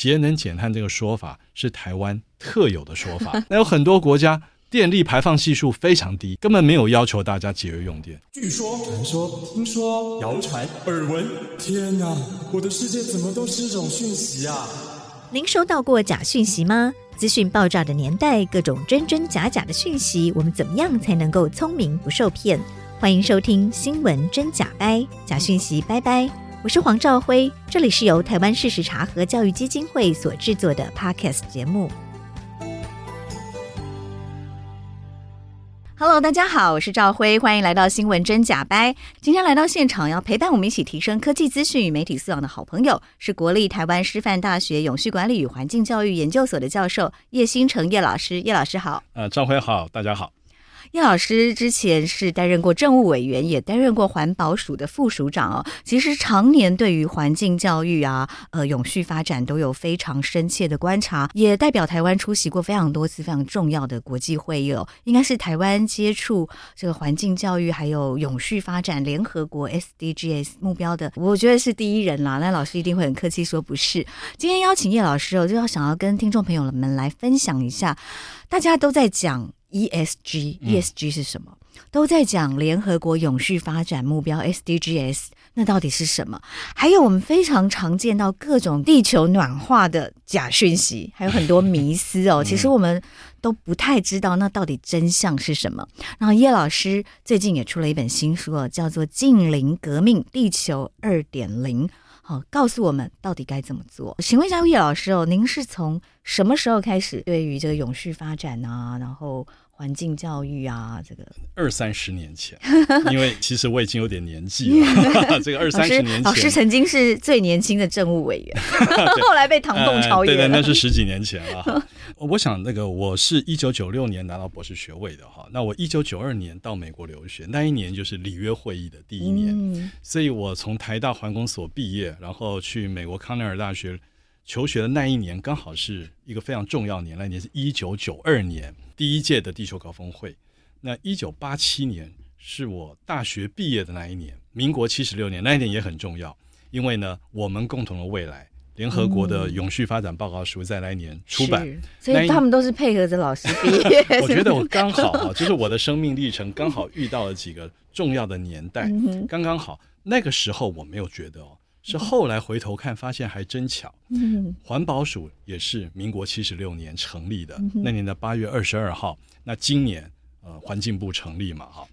節能減碳這個說法是台灣特有的說法。那有很多國家電力排放係數非常低，根本沒有要求大家節約用電。據說、傳說、聽說、謠傳、耳聞，天哪！我的世界怎麼都是這種訊息啊？您收到過假訊息嗎？資訊爆炸的年代，各種真真假假的訊息，我們怎麼樣才能夠聰明不受騙？歡迎收聽《新聞真假掰》，假訊息拜拜。我是黃兆徽，這裡是由台灣事實查核教育基金會所制作的 Podcast 節目。Hello，大家好，我是兆徽，歡迎來到新聞真假掰。今天來到現場要陪伴我們一起提升科技資訊與媒體素養的好朋友，是國立台灣師範大學永續管理與環境教育研究所的教授葉欣誠葉老師。葉老師好。呃，兆徽好，大家好。葉老師之前是擔任過政務委員，也擔任過環保署的副署長哦。其實常年對於環境教育啊、呃，永續發展都有非常深切的觀察，也代表台灣出席過非常多次非常重要的國際會議哦。應該是台灣接觸這個環境教育還有永續發展聯合國 SDGs 目標的，我覺得是第一人啦、啊。那老師一定會很客氣說不是。今天邀請葉老師哦，就要想要跟聽眾朋友們來分享一下，大家都在講。E S G ESG 是什麼？嗯、都在講聯合國永續發展目標 SDGs，那到底是什麼？還有我們非常常見到各種地球暖化的假訊息，還有很多迷思哦。嗯、其實我們都不太知道那到底真相是什麼。然後葉老師最近也出了一本新書哦，叫做《淨零革命：地球二點零》。好，告訴我們到底該怎麼做？請問一下葉老師哦，您是從什麼時候開始對於這個永續發展呢、啊？然後。環境教育啊，這個二三十年前，因為其實我已經有點年紀了。 這個二三十年前，老師，老師曾經是最年輕的政務委員， 對 後來被唐棟超越了、嗯。對的，那是十幾年前了、啊。 我想那個我是一九九六年拿到博士學位的哈，那我一九九二年到美國留學，那一年就是里約會議的第一年，嗯、所以我從台大環工所畢業，然後去美國康奈爾大學。求學的那一年剛好是一個非常重要年，那年是一九九二年第一屆的地球高峰會。那一九八七年是我大學畢業的那一年，民國七十六年，那一年也很重要，因為呢，我們共同的未來，聯合國的永續發展報告書在來年出版、嗯，所以他們都是配合着老師畢業。那一 我覺得我剛好啊，就是我的生命歷程剛好遇到了幾個重要的年代，嗯、哼剛剛好那個時候我沒有覺得哦。是後來回頭看，發現還真巧。嗯，環保署也是民國七十六年成立的，那年的八月二十二號。那今年呃，環境部成立嘛，哈、啊，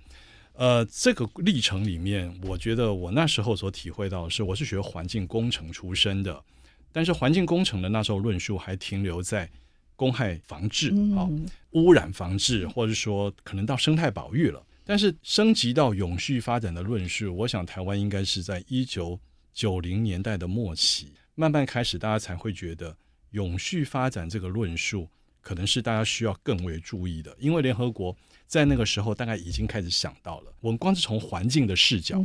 呃，這個歷程裡面，我覺得我那時候所體會到的是，我是學環境工程出身的，但是環境工程的那時候論述還停留在公害防治、好、啊、污染防治，或者說可能到生態保育了。但是升級到永續發展的論述，我想台灣應該是在一九九零年代的末期，慢慢開始，大家才會覺得永續發展這個論述可能是大家需要更為注意的，因為聯合國在那個時候大概已經開始想到了。我們光是從環境的視角，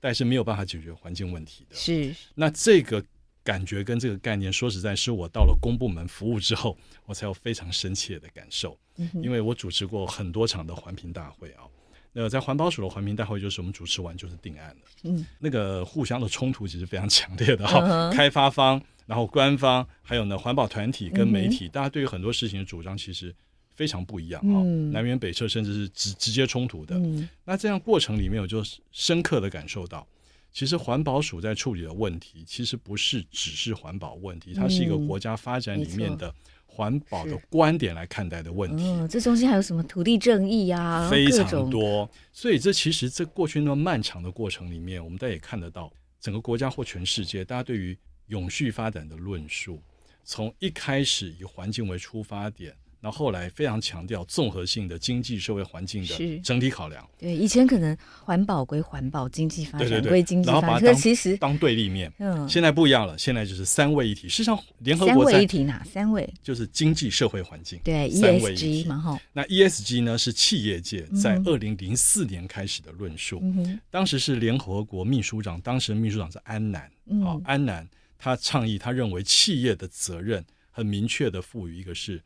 但是沒有辦法解決環境問題的。是、嗯、哼那這個感覺跟這個概念，說實在，是我到了公部門服務之後，我才有非常深切的感受，因為我主持過很多場的環評大會啊。呃，在環保署的環評大會，就是我們主持完就是定案的。嗯、那個互相的衝突其實非常強烈的哈、哦，uh huh、開發方，然後官方，還有呢環保團體跟媒體，mm hmm. 大家對於很多事情的主張其實非常不一樣哈、哦，嗯、南轅北轍，甚至是直直接衝突的。嗯、那這樣過程裡面我就深刻的感受到，其實環保署在處理的問題，其實不是只是環保問題，它是一個國家發展裡面的、嗯。環保的觀點來看待的問題，嗯，這中間還有什麼土地正義呀？非常多，所以這其實這過去那麼漫長的過程裡面，我們大家也看得到整個國家或全世界，大家對於永續發展的論述，從一開始以環境為出發點。然後後來非常強調綜合性的經濟社會環境的整體考量。對，以前可能環保歸環保，經濟發展歸經濟發展，其實、嗯、當對立面。嗯。現在不一樣了，現在就是三位一體。事實上，聯合國三位一體哪三位？就是經濟社會環境。對，ESG 嘛哈。ESG 蠻好。那 ESG 呢？是企業界在二零零四年開始的論述。嗯、哼當時是聯合國秘書長，當時秘書長是安南。啊、嗯哦，安南他倡議，他認為企業的責任很明確的賦予一個是。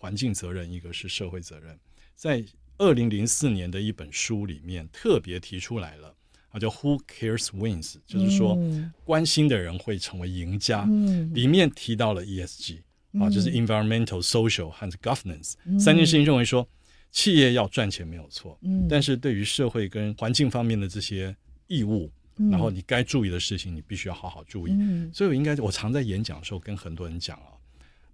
環境責任，一個是社會責任，在二零零四年的一本書裡面特別提出來了，啊，叫 Who Cares Wins，就是說，關心的人會成為贏家。嗯，裡面提到了 ESG，嗯，啊，就是 Environmental、嗯、Social 和 Governance 三件事情，認為說企業要賺錢沒有錯，嗯，但是對於社會跟環境方面的這些義務，嗯，然後你該注意的事情，你必須要好好注意。嗯，所以我應該我常在演講的時候跟很多人講啊，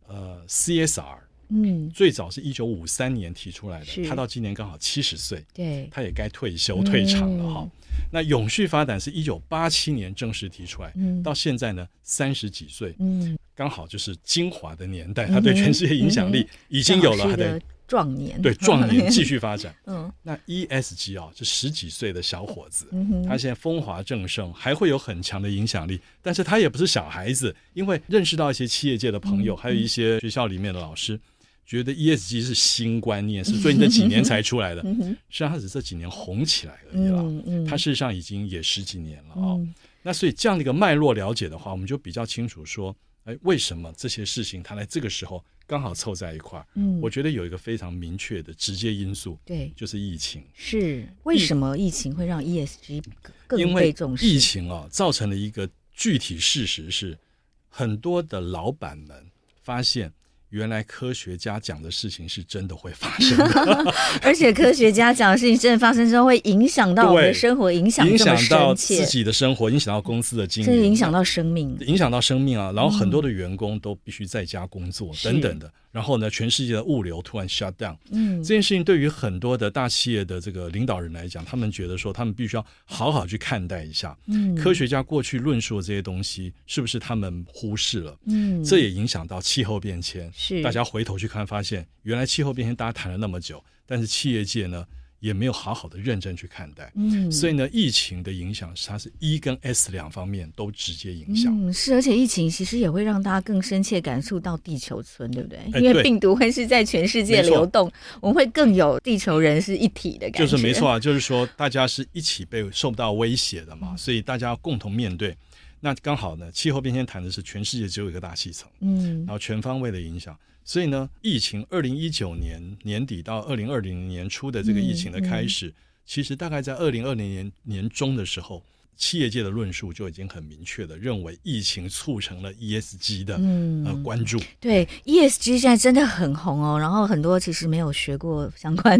呃，CSR。CS R，嗯，最早是一九五三年提出來的，他到今年剛好七十歲，對，他也該退休退場了哈。那永續發展是一九八七年正式提出來，到現在呢三十幾歲，嗯，剛好就是精華的年代，他對全世界影響力已經有了，他的壯年，對壯年繼續發展。嗯，那 ESG 啊，就十幾歲的小伙子，他現在風華正盛，還會有很強的影響力，但是他也不是小孩子，因為認識到一些企業界的朋友，還有一些學校裡面的老師。覺得 ESG 是新觀念，是最近這幾年才出來的， 實際上它只這幾年紅起來而已了。嗯嗯、它事實上已經也十幾年了啊、哦。嗯、那所以這樣的一個脈絡了解的話，我們就比較清楚說，哎，為什麼這些事情它在這個時候剛好湊在一塊兒？嗯、我覺得有一個非常明確的直接因素，對、嗯，就是疫情。是為什麼疫情會讓 ESG 更被重視？因為疫情啊、哦，造成了一個具體事實是，很多的老板們發現。原來科學家講的事情是真的會發生的， 而且科學家講的事情真的發生之後，會影響到我們的生活，影響影響到自己的生活，影響到公司的經營，這是影響到生命，影響到生命啊！命啊，然後很多的員工都必須在家工作等等的。然後呢，全世界的物流突然 shut down。嗯，這件事情對於很多的大企業的這個領導人來講，他們覺得說他們必須要好好去看待一下。嗯，科學家過去論述的這些東西，是不是他們忽視了？嗯，這也影響到氣候變遷。是，大家回頭去看，發現原來氣候變遷大家談了那麼久，但是企業界呢？也沒有好好的認真去看待，嗯，所以呢，疫情的影響是，它是 E 跟 S 兩方面都直接影響。嗯，是，而且疫情其實也會讓大家更深切感受到地球村，對不對？欸、對，因為病毒會是在全世界流動，沒錯，我們會更有地球人是一體的感覺。就是沒錯、啊，就是說大家是一起被受到威脅的嘛，嗯、所以大家共同面對。那剛好呢，氣候變遷談的是全世界只有一個大氣層，嗯，然後全方位的影響。所以呢，疫情，二零一九年年底到二零二零年初的這個疫情的開始，嗯嗯、其實大概在二零二零年年中的時候，企業界的論述就已經很明確的認為，疫情促成了 ESG 的、嗯、呃關注。對 ESG 現在真的很紅哦，然後很多其實沒有學過相關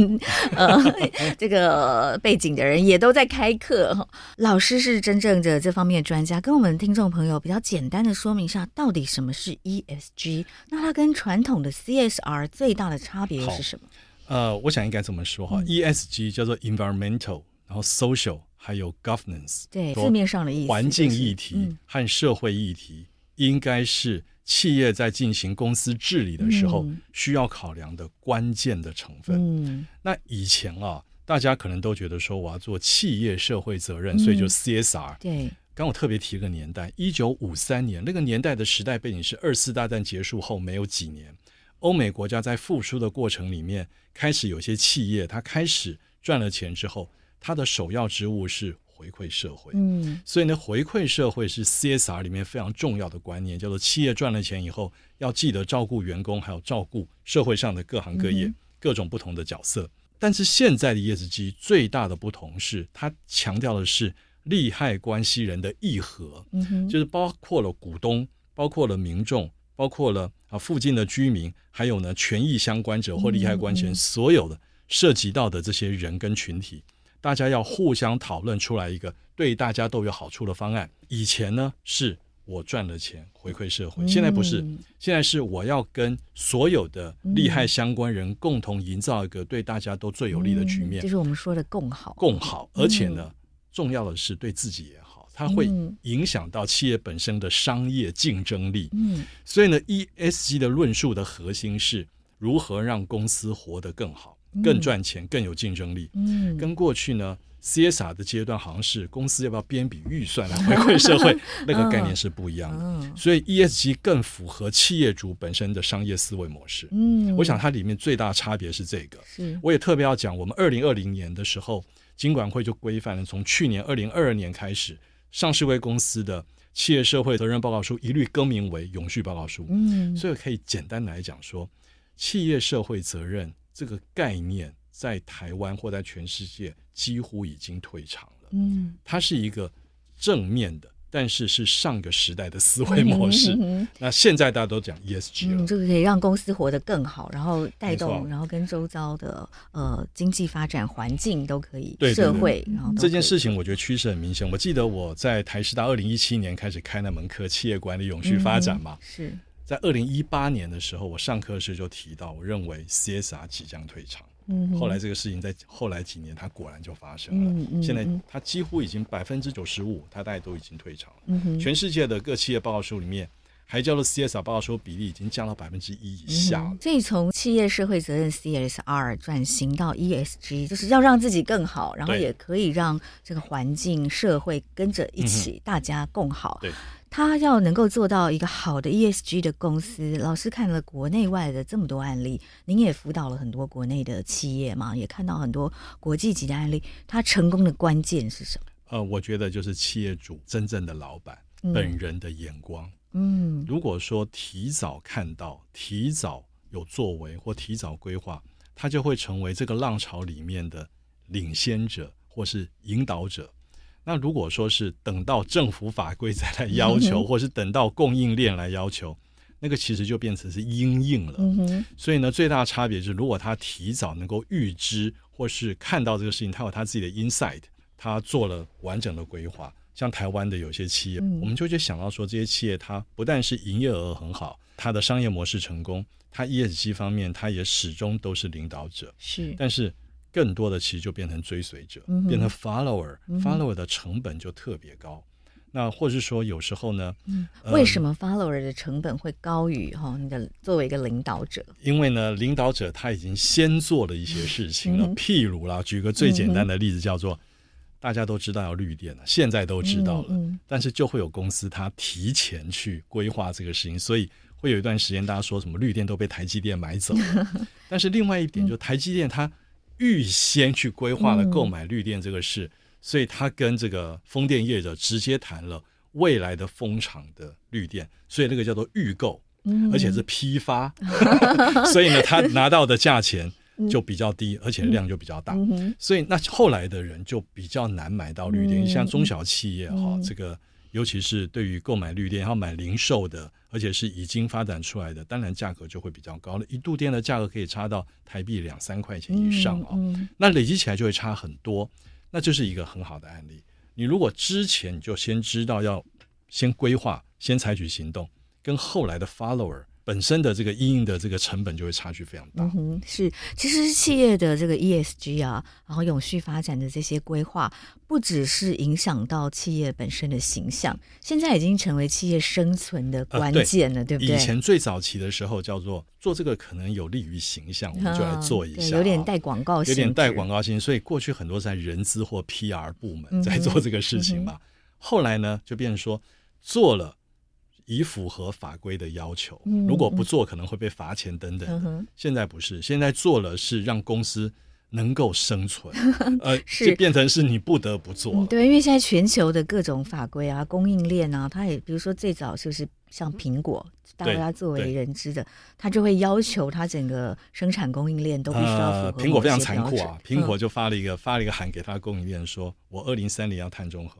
呃 這個背景的人也都在開課，老師是真正的這方面的專家，跟我們聽眾朋友比較簡單的說明一下到底什麼是 ESG。那它跟傳統的 CSR 最大的差別是什麼？呃，我想應該怎麼說哈、嗯。ESG 叫做 environmental，然後 social。還有 governance，對，字面上的意思，環境議題和社會議題，嗯、應該是企業在進行公司治理的時候需要考量的關鍵的成分。嗯、那以前啊，大家可能都覺得說，我要做企業社會責任，嗯、所以就 CSR。對，剛剛我特別提個年代，一九五三年，那個年代的時代背景是二次大戰結束後沒有幾年，歐美國家在復甦的過程裡面，開始有些企業，它開始賺了錢之後。它的首要之務是回饋社會，嗯，所以呢，回饋社會是 CSR 裡面非常重要的觀念，叫做企業賺了錢以後要記得照顧員工，還有照顧社會上的各行各業各種不同的角色。嗯，但是現在的 ESG 最大的不同是，它強調的是利害關係人的議合，嗯，就是包括了股東，包括了民眾，包括了啊附近的居民，還有呢權益相關者或利害關係人，所有的涉及到的這些人跟群體。嗯嗯大家要互相討論出來一個對大家都有好處的方案。以前呢，是我賺了錢回饋社會，現在不是，現在是我要跟所有的利害相關人共同營造一個對大家都最有利的局面。嗯嗯、就是我們說的共好。共好，而且呢，嗯、重要的是對自己也好，它會影響到企業本身的商業競爭力。嗯，嗯所以呢，ESG 的論述的核心是如何讓公司活得更好。更賺錢，更有競爭力。嗯，跟過去呢，CSR 的階段好像是公司要不要編筆預算來回饋社會， 那個概念是不一樣的。嗯，所以 ESG 更符合企業主本身的商業思維模式。嗯，我想它裡面最大差別是這個。是我也特別要講，我們二零二零年的時候，金管會就規範了，從去年二零二二年開始，上市櫃公司的企業社會責任報告書一律更名為永續報告書。嗯，所以可以簡單來講說，企業社會責任。這個概念在台灣或在全世界幾乎已經退場了。嗯，它是一個正面的，但是是上個時代的思維模式。嗯，那現在大家都講 ESG，嗯，就可以讓公司活得更好，然後帶動，沒錯，然後跟周遭的呃經濟發展環境都可以。對，對，對，社會。這件事情我覺得趨勢很明顯。我記得我在台師大二零一七年開始開那門課《企業管理永續發展》嘛，嗯，是。在二零一八年的時候，我上課時就提到，我認為 CSR 即將退場。嗯哼，後來這個事情在後來幾年，它果然就發生了。嗯，嗯嗯，現在它幾乎已經百分之九十五，它大概都已經退場了。嗯、哼全世界的各企業報告書裡面，還叫做 CSR 報告書比例已經降到百分之一以下了、嗯。所以從企業社會責任 CSR 轉型到 ESG，就是要讓自己更好，然後也可以讓這個環境、社會跟着一起，嗯、哼大家共好。對。他要能夠做到一個好的 ESG 的公司，老師看了國內外的這麼多案例，您也輔導了很多國內的企業嘛，也看到很多國際級的案例，他成功的關鍵是什麼？呃，我覺得就是企業主真正的老板本人的眼光。嗯，如果說提早看到、提早有作為或提早規劃，他就會成為這個浪潮裡面的領先者或是引導者。那如果說是等到政府法規再來要求，嗯、哼或是等到供應鏈來要求，那個其實就變成是因應了。嗯、哼所以呢，最大的差別是，如果他提早能夠預知或是看到這個事情，他有他自己的 insight，他做了完整的規劃。像台灣的有些企業，嗯、我們就會去想到說，這些企業它不但是營業額很好，它的商業模式成功，它 ESG 方面它也始終都是領導者。是，但是。更多的其實就變成追隨者，嗯嗯變成 follower，follower 的成本就特別高。嗯、那或是說有時候呢，嗯嗯、為什麼 follower 的成本會高於哈你的作為一個領導者？因為呢，領導者他已經先做了一些事情了。嗯嗯譬如啦，舉個最簡單的例子，嗯嗯叫做大家都知道要綠電了，現在都知道了，嗯嗯但是就會有公司他提前去規劃這個事情，所以會有一段時間大家說什麼綠電都被台積電買走了。 但是另外一點就是台積電它、嗯。預先去規劃了購買綠電這個事，嗯、所以他跟這個風電業者直接談了未來的風場的綠電，所以那個叫做預購，而且是批發，嗯、 所以呢，他拿到的價錢就比較低，嗯、而且量就比較大，嗯、所以那後來的人就比較難買到綠電，嗯、像中小企業哈、嗯、這個。尤其是對於購買綠電，然後買零售的，而且是已經發展出來的，當然價格就會比較高了。一度電的價格可以差到台幣兩三塊錢以上啊、哦，嗯嗯。那累積起來就會差很多。那就是一個很好的案例。你如果之前你就先知道要先規劃，先採取行動，跟後來的 follower。本身的這個因應的這個成本就會差距非常大。嗯哼，是，其實是企業的這個 ESG 啊，對然後永續發展的這些規劃，不只是影響到企業本身的形象，現在已經成為企業生存的關鍵了，呃、對，對不對？以前最早期的時候，叫做做這個可能有利於形象，嗯、我們就來做一下，有點帶廣告性，有點帶廣告性，廣告性，所以過去很多在人資或 PR 部門在做這個事情嘛。嗯嗯、後來呢，就變成說做了。以符合法規的要求，如果不做可能會被罰錢等等。嗯、現在不是，現在做了是讓公司能夠生存，嗯、哼呃，就是變成是你不得不做、嗯。對，因為現在全球的各種法規啊，供應鏈啊，它也比如說最早就是像蘋果，大家最為人知的，它就會要求它整個生產供應鏈都必須要符合、呃、蘋果非常殘酷啊，嗯、蘋果就發了一個發了一個函給它供應鏈說，說、嗯、我二零三零要碳中和。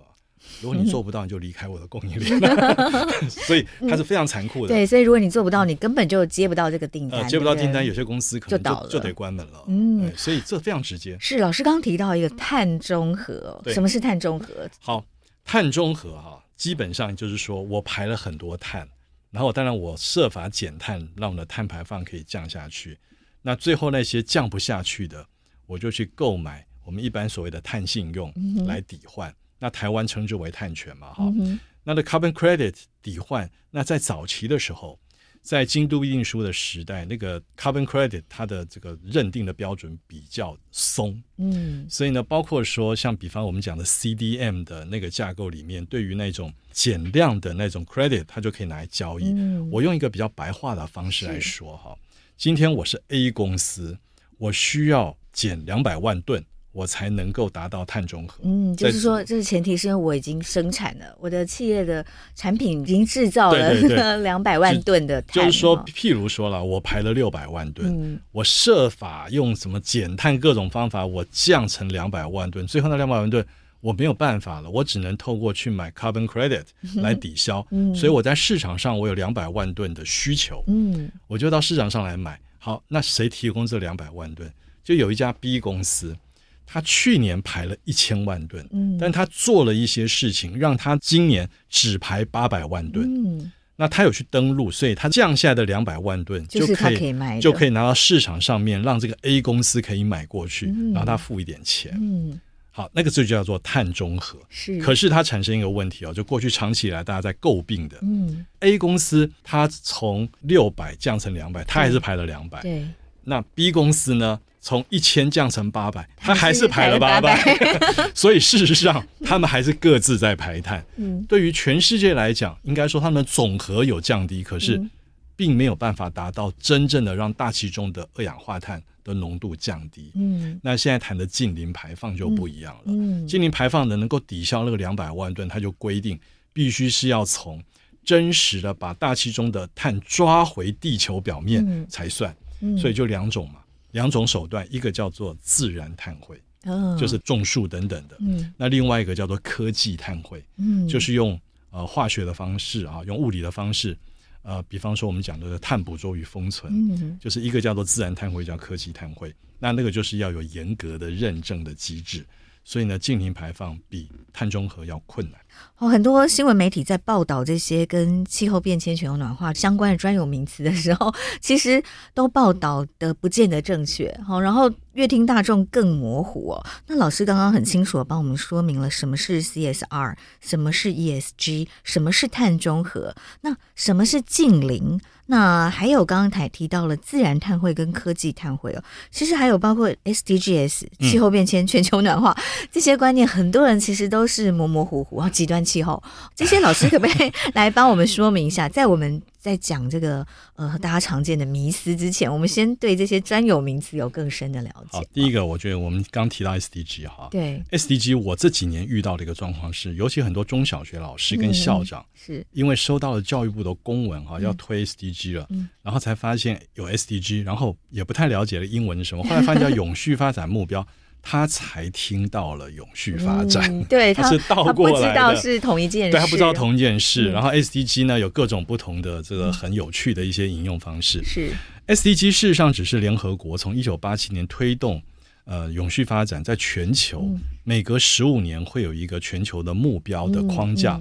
如果你做不到，你就離開我的供應鏈。嗯、 所以它是非常殘酷的。嗯、對，所以如果你做不到，你根本就接不到這個訂單、呃。接不到訂單，有些公司可能就就、倒就得關門了。嗯，所以這非常直接。是老師剛、剛提到一個碳中和，什麼是碳中和？好，碳中和哈、啊，基本上就是說我排了很多碳，然後當然我設法減碳，讓我們的碳排放可以降下去。那最後那些降不下去的，我就去購買我們一般所謂的碳信用來抵換。嗯那台灣稱之為碳權嘛，哈、嗯哼，那的 carbon credit 抵換，那在早期的時候，在京都議定書的時代，那個 carbon credit 它的這個認定的標準比較鬆，嗯，所以呢，包括說像比方我們講的 CDM 的那個架構裡面，對於那種減量的那種 credit，它就可以拿來交易。嗯、我用一個比較白話的方式來說哈，是今天我是 A 公司，我需要減兩百萬噸。我才能夠達到碳中和。嗯，就是說，此這個前提是因為我已經生產了，我的企業的產品已經制造了兩百 萬噸的碳。碳。就是說，譬如說了，我排了六百萬噸，嗯、我設法用什麼減碳各種方法，我降成兩百萬噸。最後那兩百萬噸，我沒有辦法了，我只能透過去買 carbon credit 來抵消。嗯、所以我在市場上，我有兩百萬噸的需求。嗯，我就到市場上來買。好，那誰提供這兩百萬噸？就有一家 B 公司。他去年排了一千萬噸，嗯，但他做了一些事情，讓他今年只排八百萬噸，嗯，那他有去登錄，所以他降下來的兩百萬噸就可以就可以，就可以拿到市場上面，讓這個 A 公司可以買過去，嗯，然後他付一點錢，嗯，好，那個就叫做碳中和，是，可是它產生一個問題哦，就過去長期以來大家在詬病的，嗯，A 公司它從六百降成兩百對，它還是排了兩百對，那 B 公司呢？從一千降成八百，它還是排了八百， 所以事實上 他們還是各自在排碳。嗯，對於全世界來講，應該說他們總和有降低，可是並沒有辦法達到真正的讓大氣中的二氧化碳的濃度降低。嗯，那現在談的淨零排放就不一樣了。嗯，淨、嗯、零排放呢能夠抵消那個兩百萬噸，它就規定必須是要從真實的把大氣中的碳抓回地球表面才算。嗯，嗯，所以就兩種嘛。兩種手段，一個叫做自然碳匯，哦、就是種樹等等的。嗯、那另外一個叫做科技碳匯，嗯、就是用，呃、化學的方式啊，用物理的方式，呃、比方說我們講的碳捕捉與封存，嗯、就是一個叫做自然碳匯，叫科技碳匯。那那個就是要有嚴格的認證的機制。所以呢，淨零排放比碳中和要困難。哦，很多新聞媒體在報道這些跟氣候變遷、全球暖化相關的專有名詞的時候，其實都報道得不見得正確。哦，然後越聽大眾更模糊，哦。那老師剛剛很清楚地幫我們說明了什麼是 CSR，什麼是 ESG，什麼是碳中和，那什麼是淨零？那還有剛剛才提到了自然碳匯跟科技碳匯哦，其實還有包括 SDGs、氣候變遷、全球暖化這些觀念，很多人其實都是模模糊糊啊。極端氣候，這些老師可不可以來幫我們說明一下， 在我們？在講這個呃，大家常見的迷思之前，我們先對這些專有名詞有更深的了解。好，第一個，我覺得我們剛提到 SDG 哈對，對 SDG，我這幾年遇到的一個狀況是，尤其很多中小學老師跟校長，嗯、是因為收到了教育部的公文哈，要推 SDG 了，嗯嗯、然後才發現有 SDG，然後也不太了解的英文是什麼，後來發現叫永續發展目標。 他才聽到了永續發展，嗯、對他，他是倒過來的，他不知道是同一件事，對，他不知道同一件事。嗯、然後 SDG 呢，有各種不同的這個很有趣的一些引用方式。是、嗯、SDG 事實上只是聯合國從一九八七年推動呃永續發展，在全球、嗯、每隔十五年會有一個全球的目標的框架。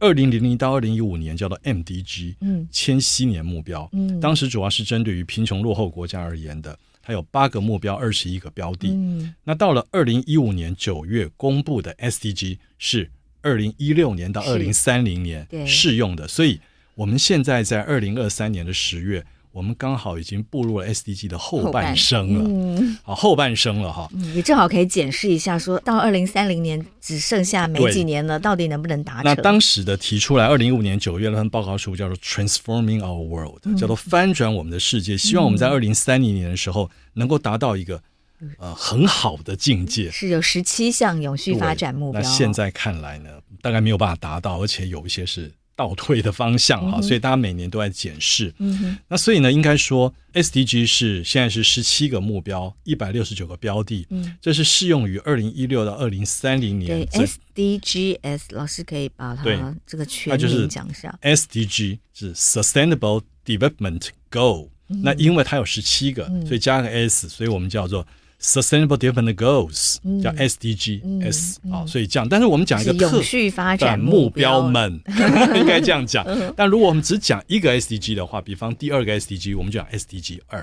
二零零零到二零一五年叫做 MDG，嗯，千禧年目標，嗯，當時主要是針對於貧窮落後國家而言的。還有八個目標，二十一個標的。嗯、那到了二零一五年九月公布的 SDG 是二零一六年到二零三零年適用的，所以我們現在在二零二三年的十月。我們剛好已經步入了 SDG 的後半生了，後嗯、好後半生了哈，也正好可以檢視一下說，說到二零三零年只剩下沒幾年了，對到底能不能達成？那當時的提出來，二零一五年九月那份報告書叫做 Transforming Our World，叫做翻轉我們的世界，嗯、希望我們在二零三零年的時候能夠達到一個、嗯、呃很好的境界。是有十七項永續發展目標，那現在看來呢，大概沒有辦法達到，而且有一些是。倒退的方向哈，嗯哼，所以大家每年都在檢視。嗯哼，那所以呢，應該說 SDG 是現在是十七個目標，一百六十九個標的。嗯，這是適用於二零一六到二零三零年。嗯、對，SDGs，老師可以把它這個全名講一下。SDG 是，SDG 是 Sustainable Development Goal。嗯、那因為它有十七個，所以加個 S，嗯、所以我們叫做 Sustainable Development Goals，嗯、叫 SDGs，嗯嗯哦、所以這樣。但是我們講一個可持續發展目標們，嗯嗯、應該這樣講。嗯、但如果我們只講一個 SDG 的話，比方第二個 SDG，我們就講 SDG 二。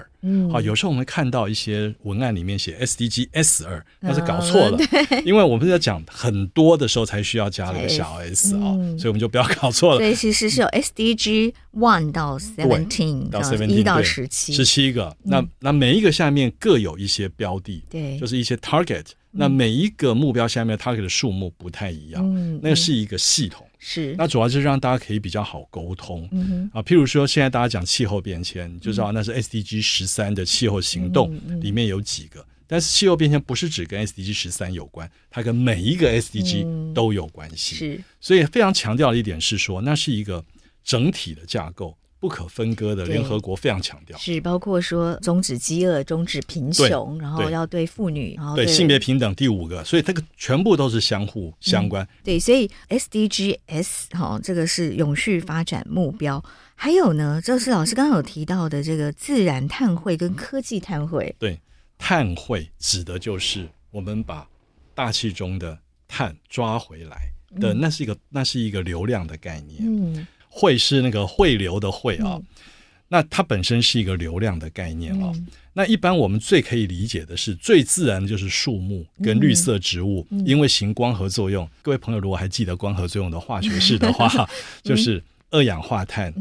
好、哦，有時候我們看到一些文案裡面寫 SDGs 二，但是搞錯了，嗯、因為我們要講很多的時候才需要加那個小 s 啊、嗯哦，所以我們就不要搞錯了。所以其實是有 SDG one 到 seventeen 到 seventeen 到十七個，那那每一個下面各有一些標的，對，就是一些 target。那每一個目標下面 target 的數目不太一樣，嗯，那是一個系統，是。那主要就是讓大家可以比較好溝通嗯。啊。譬如說，現在大家講氣候變遷，就知道那是 S D G 十三的氣候行動裡面有幾個。但是氣候變遷不是只跟 S D G 十三有關，它跟每一個 S D G 都有關係。是。所以非常強調的一點是說，那是一個。整體的架構不可分割的，聯合國非常強調是包括說終止飢餓、終止貧窮，然後要對婦女，然後對，對性別平等。第五個，所以這個全部都是相互相關。嗯、對，所以 SDGs 哈、哦，這個是永續發展目標。還有呢，就是老師剛剛有提到的這個自然碳匯跟科技碳匯。對，碳匯指的就是我們把大氣中的碳抓回來的，那是一個那是一個流量的概念。嗯。匯是那個匯流的匯啊、哦，嗯、那它本身是一個流量的概念啊、哦。嗯、那一般我們最可以理解的是最自然的就是樹木跟綠色植物，嗯嗯、因為行光合作用。各位朋友如果還記得光合作用的化學式的話，嗯、就是二氧化碳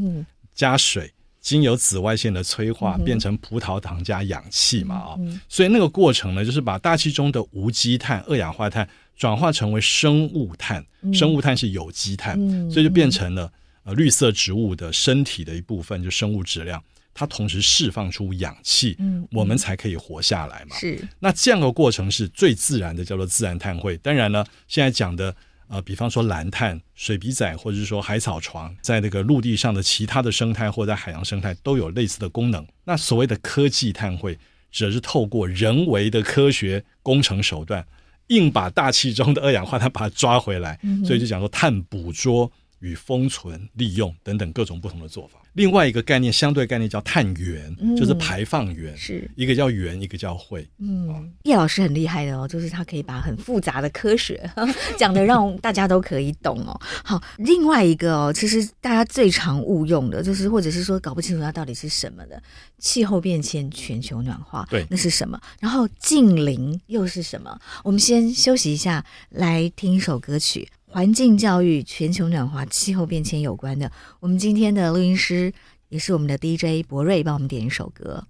加水、嗯、經由紫外線的催化、嗯、變成葡萄糖加氧氣嘛啊、哦。嗯、所以那個過程呢，就是把大氣中的無機碳二氧化碳轉化成為生物碳，生物碳是有機碳，嗯、所以就變成了。呃，綠色植物的身體的一部分就生物質量，它同時釋放出氧氣，嗯，我們才可以活下來嘛。是，那這樣的過程是最自然的，叫做自然碳匯。當然了，現在講的呃，比方說藍碳、水筆仔，或者是說海草床，在那個陸地上的其他的生態，或者在海洋生態都有類似的功能。那所謂的科技碳匯，指的是透過人為的科學工程手段，硬把大氣中的二氧化碳把它抓回來，嗯哼，所以就講說碳捕捉。與封存、利用等等各種不同的做法。另外一個概念，相對概念叫碳源，嗯、就是排放源。是一個叫源，一個叫匯，嗯，哦、葉老師很厲害的哦，就是他可以把很複雜的科學講得讓大家都可以懂哦。 好，另外一個哦，其實大家最常誤用的，就是或者是說搞不清楚它到底是什麼的氣候變遷、全球暖化，對，那是什麼？然後淨零又是什麼？我們先休息一下，來聽一首歌曲。環境教育、全球暖化、氣候變遷有關的。我們今天的錄音師也是我們的 DJ 博瑞，幫我們點一首歌。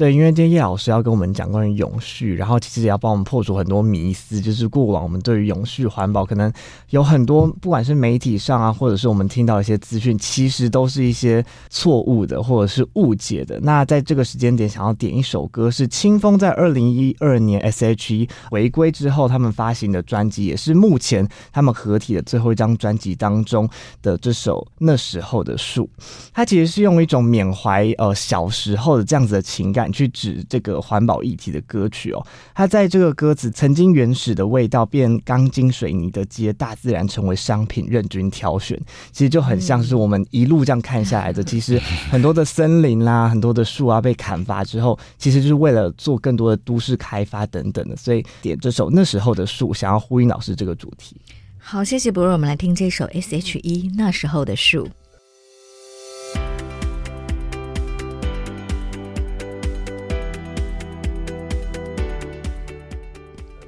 對，因為今天葉老師要跟我們講關於永續，然後其實也要幫我們破除很多迷思，就是過往我們對於永續環保可能有很多，不管是媒體上啊，或者是我們聽到一些資訊，其實都是一些錯誤的或者是誤解的。那在這個時間點，想要點一首歌是《清風》在二零一二年 S.H.E 回歸之後，他們發行的專輯，也是目前他們合體的最後一張專輯當中的這首《那時候的樹》。它其實是用一種緬懷呃小時候的這樣子的情感。去指這個環保議題的歌曲哦，它在這個歌詞曾經原始的味道變鋼筋水泥的街，大自然成為商品，任君挑選。其實就很像是我們一路這樣看下來的，嗯、其實很多的森林啦、啊， 很多的樹啊被砍伐之後，其實就是為了做更多的都市開發等等的。所以點這首那時候的樹，想要呼應老師這個主題。好，謝謝博瑞，我們來聽這首 S.H.E 那時候的樹。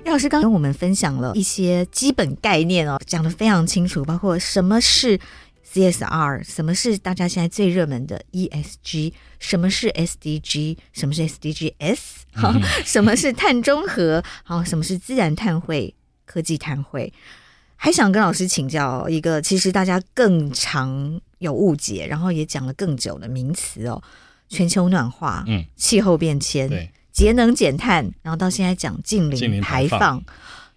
葉老師剛,剛跟我們分享了一些基本概念哦，講得非常清楚，包括什麼是 CSR，什麼是大家現在最熱門的 ESG，什麼是 SDG，什麼是 SDGs，哈， 什麼是碳中和，好，什麼是自然碳匯、科技碳匯，還想跟老師請教一個，其實大家更常有誤解，然後也講了更久的名詞哦，全球暖化，嗯，氣候變遷，對。節能減碳，然後到現在講淨零排放，排放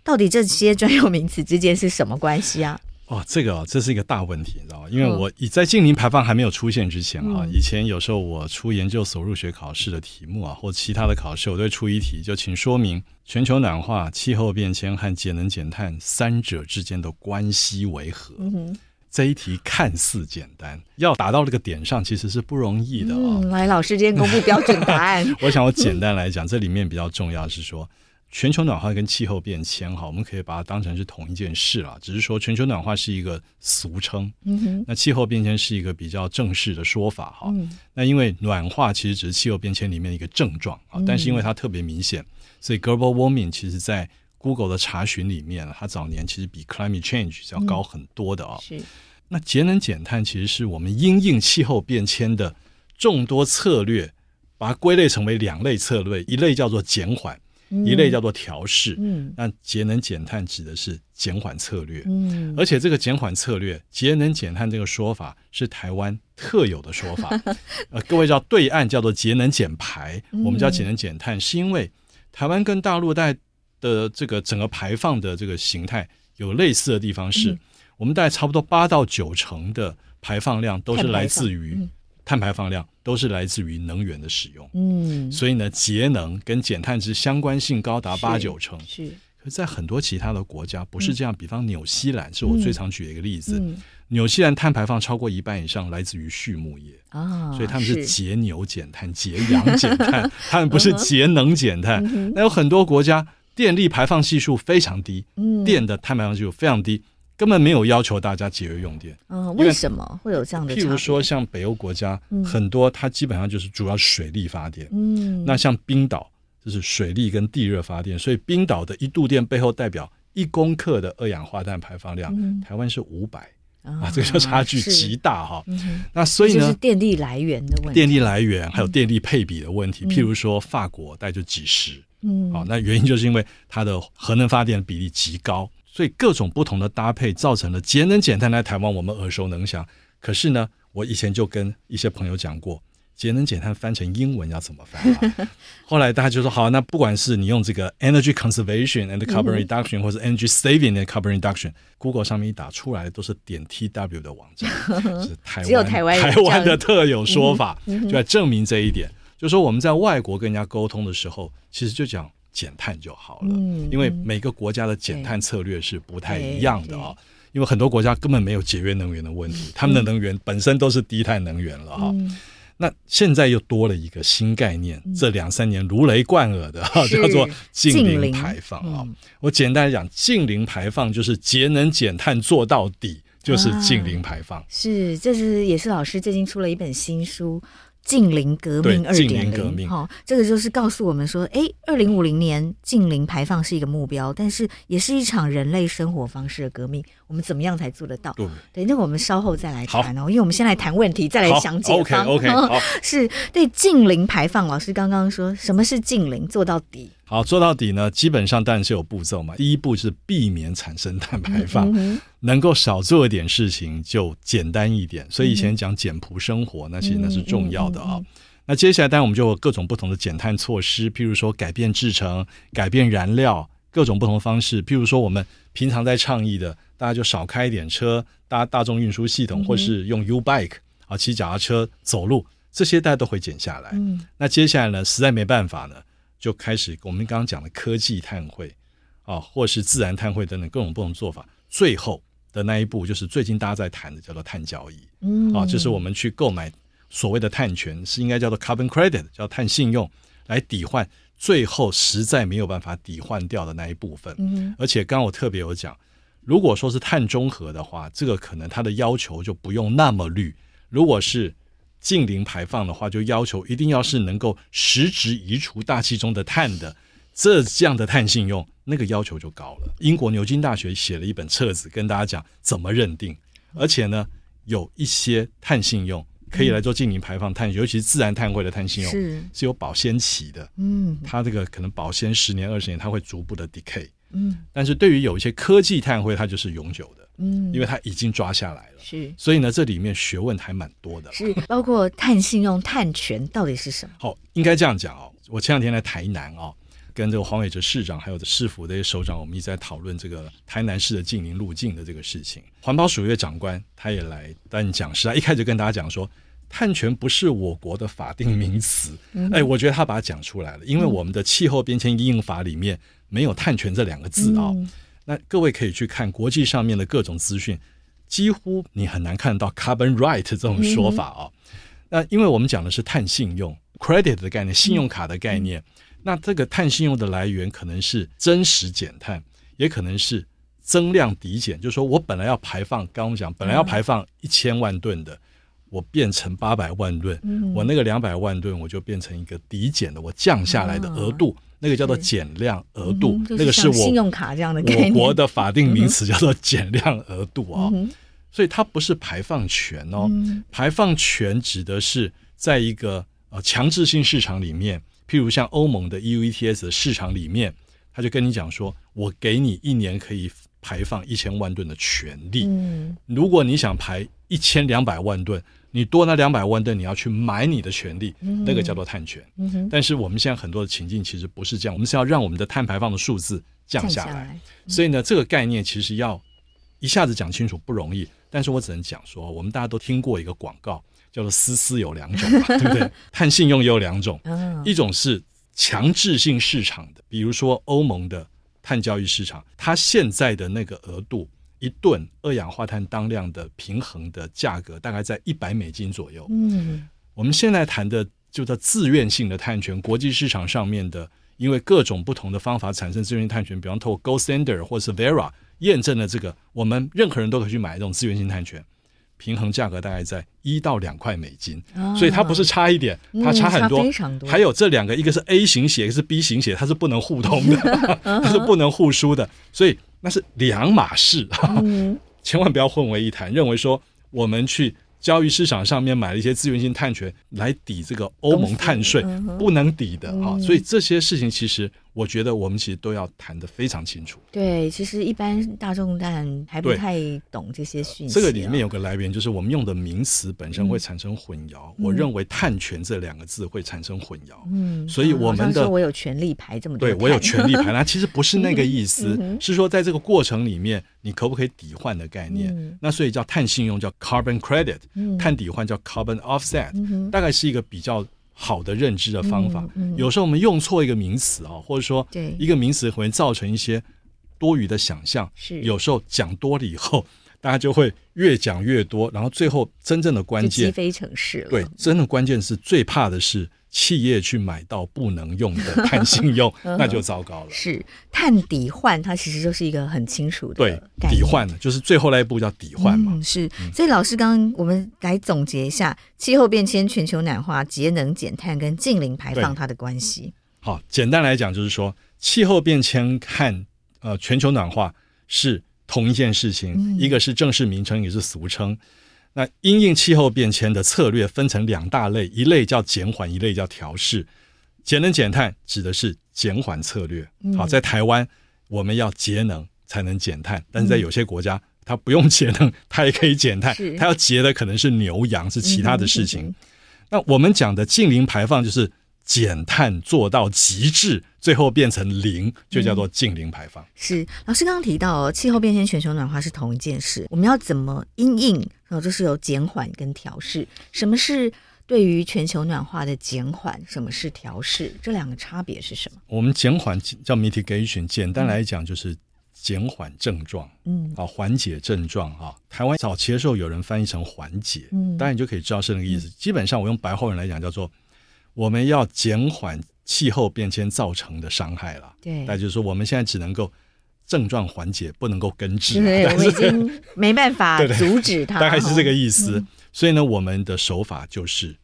到底這些專有名詞之間是什麼關係啊？哦，這個啊、哦，這是一個大問題，你知道嗎？因為我以在淨零排放還沒有出現之前啊，嗯、以前有時候我出研究所入學考試的題目啊，或其他的考試，我都會出一題，就請說明全球暖化、氣候變遷和節能減碳三者之間的關係為何？嗯這一題看似簡單，要達到這個點上其實是不容易的、哦嗯。來，老師，先公布標準答案。 我想，我簡單來講，這裡面比較重要是說， 全球暖化跟氣候變遷，哈，我們可以把它當成是同一件事了。只是說，全球暖化是一個俗稱，嗯、哼那氣候變遷是一個比較正式的說法，哈。嗯、那因為暖化其實只是氣候變遷裡面的一個症狀啊，但是因為它特別明顯，所以 global warming 其實在 Google 的查詢裡面，它早年其實比 climate change 是要高很多的哦。嗯、是，那節能減碳其實是我們因應氣候變遷的眾多策略，把它歸類成為兩類策略，一類叫做減緩，一類叫做調試、嗯。嗯，那節能減碳指的是減緩策略。嗯，而且這個減緩策略節能減碳這個說法是台灣特有的說法。 呃，各位知道對岸叫做節能減排，嗯、我們叫節能減碳，是因為台灣跟大陸在。呃，這個整個排放的這個形態有類似的地方，是我們大概差不多八到九成的排放量都是來自於碳排放量，都是來自於能源的使用。嗯，所以呢，節能跟減碳之相關性高達八九成。是，可是在很多其他的國家不是這樣，比方紐西蘭是我最常舉的一個例子，紐西蘭碳排放超過一半以上來自於畜牧業，所以他們是節牛減碳、節羊減碳，他們不是節能減碳。那有很多國家。電力排放系數非常低，電的碳排放系數非常低，根本沒有要求大家節約用電。嗯，為什麼會有這樣的？譬如說，像北歐國家，很多它基本上就是主要水力發電。嗯，那像冰島就是水力跟地熱發電，所以冰島的一度電背後代表一公克的二氧化碳排放量，台灣是五百啊，這個差距極大哈。那所以呢，電力來源的問題，電力來源還有電力配比的問題。譬如說，法國大概就幾十。嗯，好、哦，那原因就是因為它的核能發電比例極高，所以各種不同的搭配造成了節能減碳，在台灣我們耳熟能詳。可是呢，我以前就跟一些朋友講過，節能減碳翻成英文要怎麼翻、啊？ 後來大家就說好，那不管是你用這個 energy conservation and carbon reduction，、嗯、哼或者 energy saving and carbon reduction，Google 上面一打出來的都是點 T W 的網站， 是只有台灣台灣的特有說法，嗯嗯、就來證明這一點。就說我們在外國跟人家溝通的時候，其實就講減碳就好了，嗯、因為每個國家的減碳策略是不太一樣的啊、哦。嗯、因為很多國家根本沒有節約能源的問題，他、嗯、們的能源本身都是低碳能源了哈、哦。嗯、那現在又多了一個新概念，嗯、這兩三年如雷貫耳的哈、哦，是叫做淨零排放啊。嗯、我簡單來講，淨零排放就是節能減碳做到底，就是淨零排放、啊。是，這是也是老師最近出了一本新書。淨零革命二點零，哈、哦，這個就是告訴我們說，哎，二零五零年淨零排放是一個目標，但是也是一場人類生活方式的革命。我們怎麼樣才做得到？對,對，那我們稍後再來談哦，好因為我們先來談問題，再來想解方。OK OK，好，是對淨零排放，老師剛剛說，什麼是淨零？做到底。好做到底呢，基本上當然是有步驟嘛。第一步是避免產生碳排放，嗯嗯、能夠少做一點事情就簡單一點。嗯、所以以前講簡樸生活，那其實那是重要的啊、哦。嗯嗯嗯、那接下來當然我們就有各種不同的減碳措施，譬如說改變製程，改變燃料，各種不同的方式。譬如說我們平常在倡議的，大家就少開一點車，搭大眾運輸系統，嗯、或是用 U bike 啊，騎腳踏車、走路，這些大家都會減下來。嗯、那接下來呢，實在沒辦法呢。就開始我們剛剛講的科技碳匯啊，或是自然碳匯等等各種各種做法，最後的那一步就是最近大家在談的叫做碳交易，嗯、啊，就是我們去購買所謂的碳權，是應該叫做 carbon credit，叫碳信用，來抵換最後實在沒有辦法抵換掉的那一部分。嗯、哼而且剛剛我特別有講，如果說是碳中和的話，這個可能它的要求就不用那麼綠。如果是淨零排放的話，就要求一定要是能夠實質移除大氣中的碳的，這這樣的碳信用，那個要求就高了。英國牛津大學寫了一本冊子，跟大家講怎麼認定，而且呢，有一些碳信用可以來做淨零排放碳，嗯、尤其是自然碳匯的碳信用是是有保鮮期的，嗯，它這個可能保鮮十年二十年，它會逐步的 decay。嗯，但是對於有一些科技碳匯，它就是永久的，嗯，因為它已經抓下來了，是。所以呢，這裡面學問還蠻多的，是包括碳信用、碳權到底是什麼？ 好，應該這樣講哦。我前兩天來台南哦，跟這個黃偉哲市長還有市府的一些首長，我們一直在討論這個台南市的淨零路徑的這個事情。環保署的長官他也來當講師，他一開始跟大家講說，碳權不是我國的法定名詞，嗯、哎，我覺得他把它講出來了，因為我們的氣候變遷因應法裡面。嗯沒有碳權這兩個字啊、哦，嗯、那各位可以去看國際上面的各種資訊，幾乎你很難看到 carbon right 這種說法哦。嗯、那因為我們講的是碳信用 credit 的概念，信用卡的概念，嗯、那這個碳信用的來源可能是真實減碳，也可能是增量抵減。就是說我本來要排放，剛剛我們講本來要排放一千萬噸的，嗯、我變成八百萬噸，嗯、我那個兩百萬噸我就變成一個抵減的，我降下來的額度。啊那個叫做減量額度，嗯就是、這那個是信用卡這樣的概念，我國的法定名詞叫做減量額度啊、哦。嗯、哼所以它不是排放權哦，嗯、排放權指的是在一個呃強制性市場裡面，譬如像歐盟的 EUETS 的市場裡面，他就跟你講說，我給你一年可以排放一千萬噸的權利。嗯、如果你想排。一千兩百萬噸，你多那兩百萬噸，你要去買你的權利，嗯、哼那個叫做碳權。嗯、哼但是我們現在很多的情境其實不是這樣，我們是要讓我們的碳排放的數字降下來。下來嗯、所以呢，這個概念其實要一下子講清楚不容易，但是我只能講說，我們大家都聽過一個廣告，叫做“斯斯有兩種”，啊、 對不對？碳信用也有兩種，一種是強制性市場的，比如說歐盟的碳交易市場，它現在的那個額度。一噸二氧化碳當量的平衡的價格大概在一百美金左右。嗯，我們現在談的叫做自願性的碳權，國際市場上面的，因為各種不同的方法產生自願性碳權，比方通過 Gold Standard 或是 Verra 驗證了這個，我們任何人都可以去買這種自願性碳權，平衡價格大概在一到兩塊美金，所以它不是差一點，啊、它差很多。嗯、多還有這兩個，一個是 A 型血，一個是 B 型血，它是不能互通的， 嗯、哼它是不能互輸的，所以。那是兩碼事啊，千萬不要混為一談。認為說我們去交易市場上面買了一些自願性碳權來抵這個歐盟碳稅，不能抵的啊！所以這些事情其實。我覺得我們其實都要談得非常清楚。對，其實一般大眾當然還不太懂這些訊息。這個裡面有個來源，就是我們用的名詞本身會產生混淆。嗯嗯、我認為“碳權”這兩個字會產生混淆。嗯，所以我們的、嗯、說我有權利排這麼多。對，我有權利排，它其實不是那個意思，嗯、是說在這個過程裡面，你可不可以抵換的概念？嗯、那所以叫碳信用，叫 carbon credit，碳抵換叫 carbon offset，、嗯嗯嗯、大概是一個比較。好的認知的方法，嗯嗯、有時候我們用錯一個名詞啊、哦，或者說一個名詞會造成一些多餘的想象。是對有時候講多了以後，大家就會越講越多，然後最後真正的關鍵非城市了。對，真的關鍵是最怕的是。企業去買到不能用的碳信用， 那就糟糕了。是，碳抵換，它其實就是一個很清楚的對，抵換，就是最後那一步叫抵換嘛、嗯。是，所以老師剛剛我們來總結一下氣候變遷、全球暖化、節能減碳跟淨零排放它的關係。好，簡單來講就是說氣候變遷看呃全球暖化是同一件事情，嗯、一個是正式名稱，也是俗稱。那因應氣候變遷的策略分成兩大類，一類叫減緩，一類叫調適。節能減碳指的是減緩策略。好、嗯，在台灣我們要節能才能減碳，但是在有些國家，嗯、它不用節能，它也可以減碳，是它要節的可能是牛羊，是其他的事情。嗯、那我們講的淨零排放就是。減碳做到極致，最後變成零，就叫做淨零排放。嗯、是老師剛剛提到，氣候變遷、全球暖化是同一件事。我們要怎麼因應？然、哦、後就是有減緩跟調試。什麼是對於全球暖化的減緩？什麼是調試？這兩個差別是什麼？我們減緩叫 mitigation，簡單來講就是減緩症狀，嗯，啊，緩解症狀哈、啊，台灣早期的時候有人翻譯成緩解，嗯，當然你就可以知道是那個意思。嗯、基本上我用白話文來講叫做。我們要減緩氣候變遷造成的傷害了，對，那就是說我們現在只能夠症狀緩解，不能夠根治，啊，我已經沒辦法阻止它，大概是這個意思。嗯、所以呢，我們的手法就是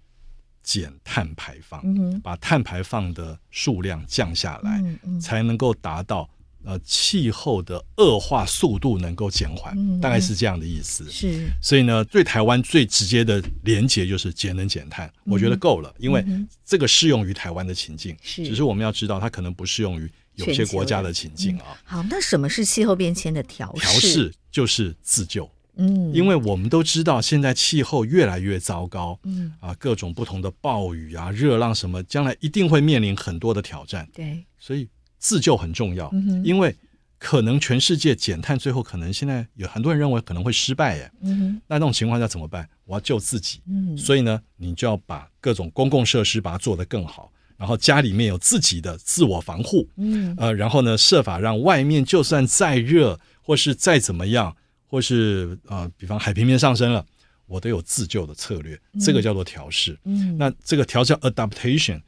減碳排放，嗯、哼把碳排放的數量降下來，嗯嗯，才能夠達到呃，氣候的惡化速度能夠減緩，嗯、大概是這樣的意思。是，所以呢，對台灣最直接的連結就是節能減碳，嗯、我覺得夠了，因為這個適用於台灣的情境。是，只是我們要知道，它可能不適用於有些國家的情境啊。嗯、好，那什麼是氣候變遷的調適？調適就是自救。嗯，因為我們都知道，現在氣候越來越糟糕。嗯啊，各種不同的暴雨啊、熱浪什麼，將來一定會面臨很多的挑戰。對，所以。自救很重要，因為可能全世界減碳，最後可能現在有很多人認為可能會失敗，嗯、哼那，那種情況下怎麼辦？我要救自己，嗯、哼所以呢，你就要把各種公共設施把它做得更好，然後家裡面有自己的自我防護，嗯、哼呃，然後呢，設法讓外面就算再熱，或是再怎麼樣，或是呃，比方海平面上升了，我都有自救的策略，這個叫做調適。嗯、那這個調適，adaptation。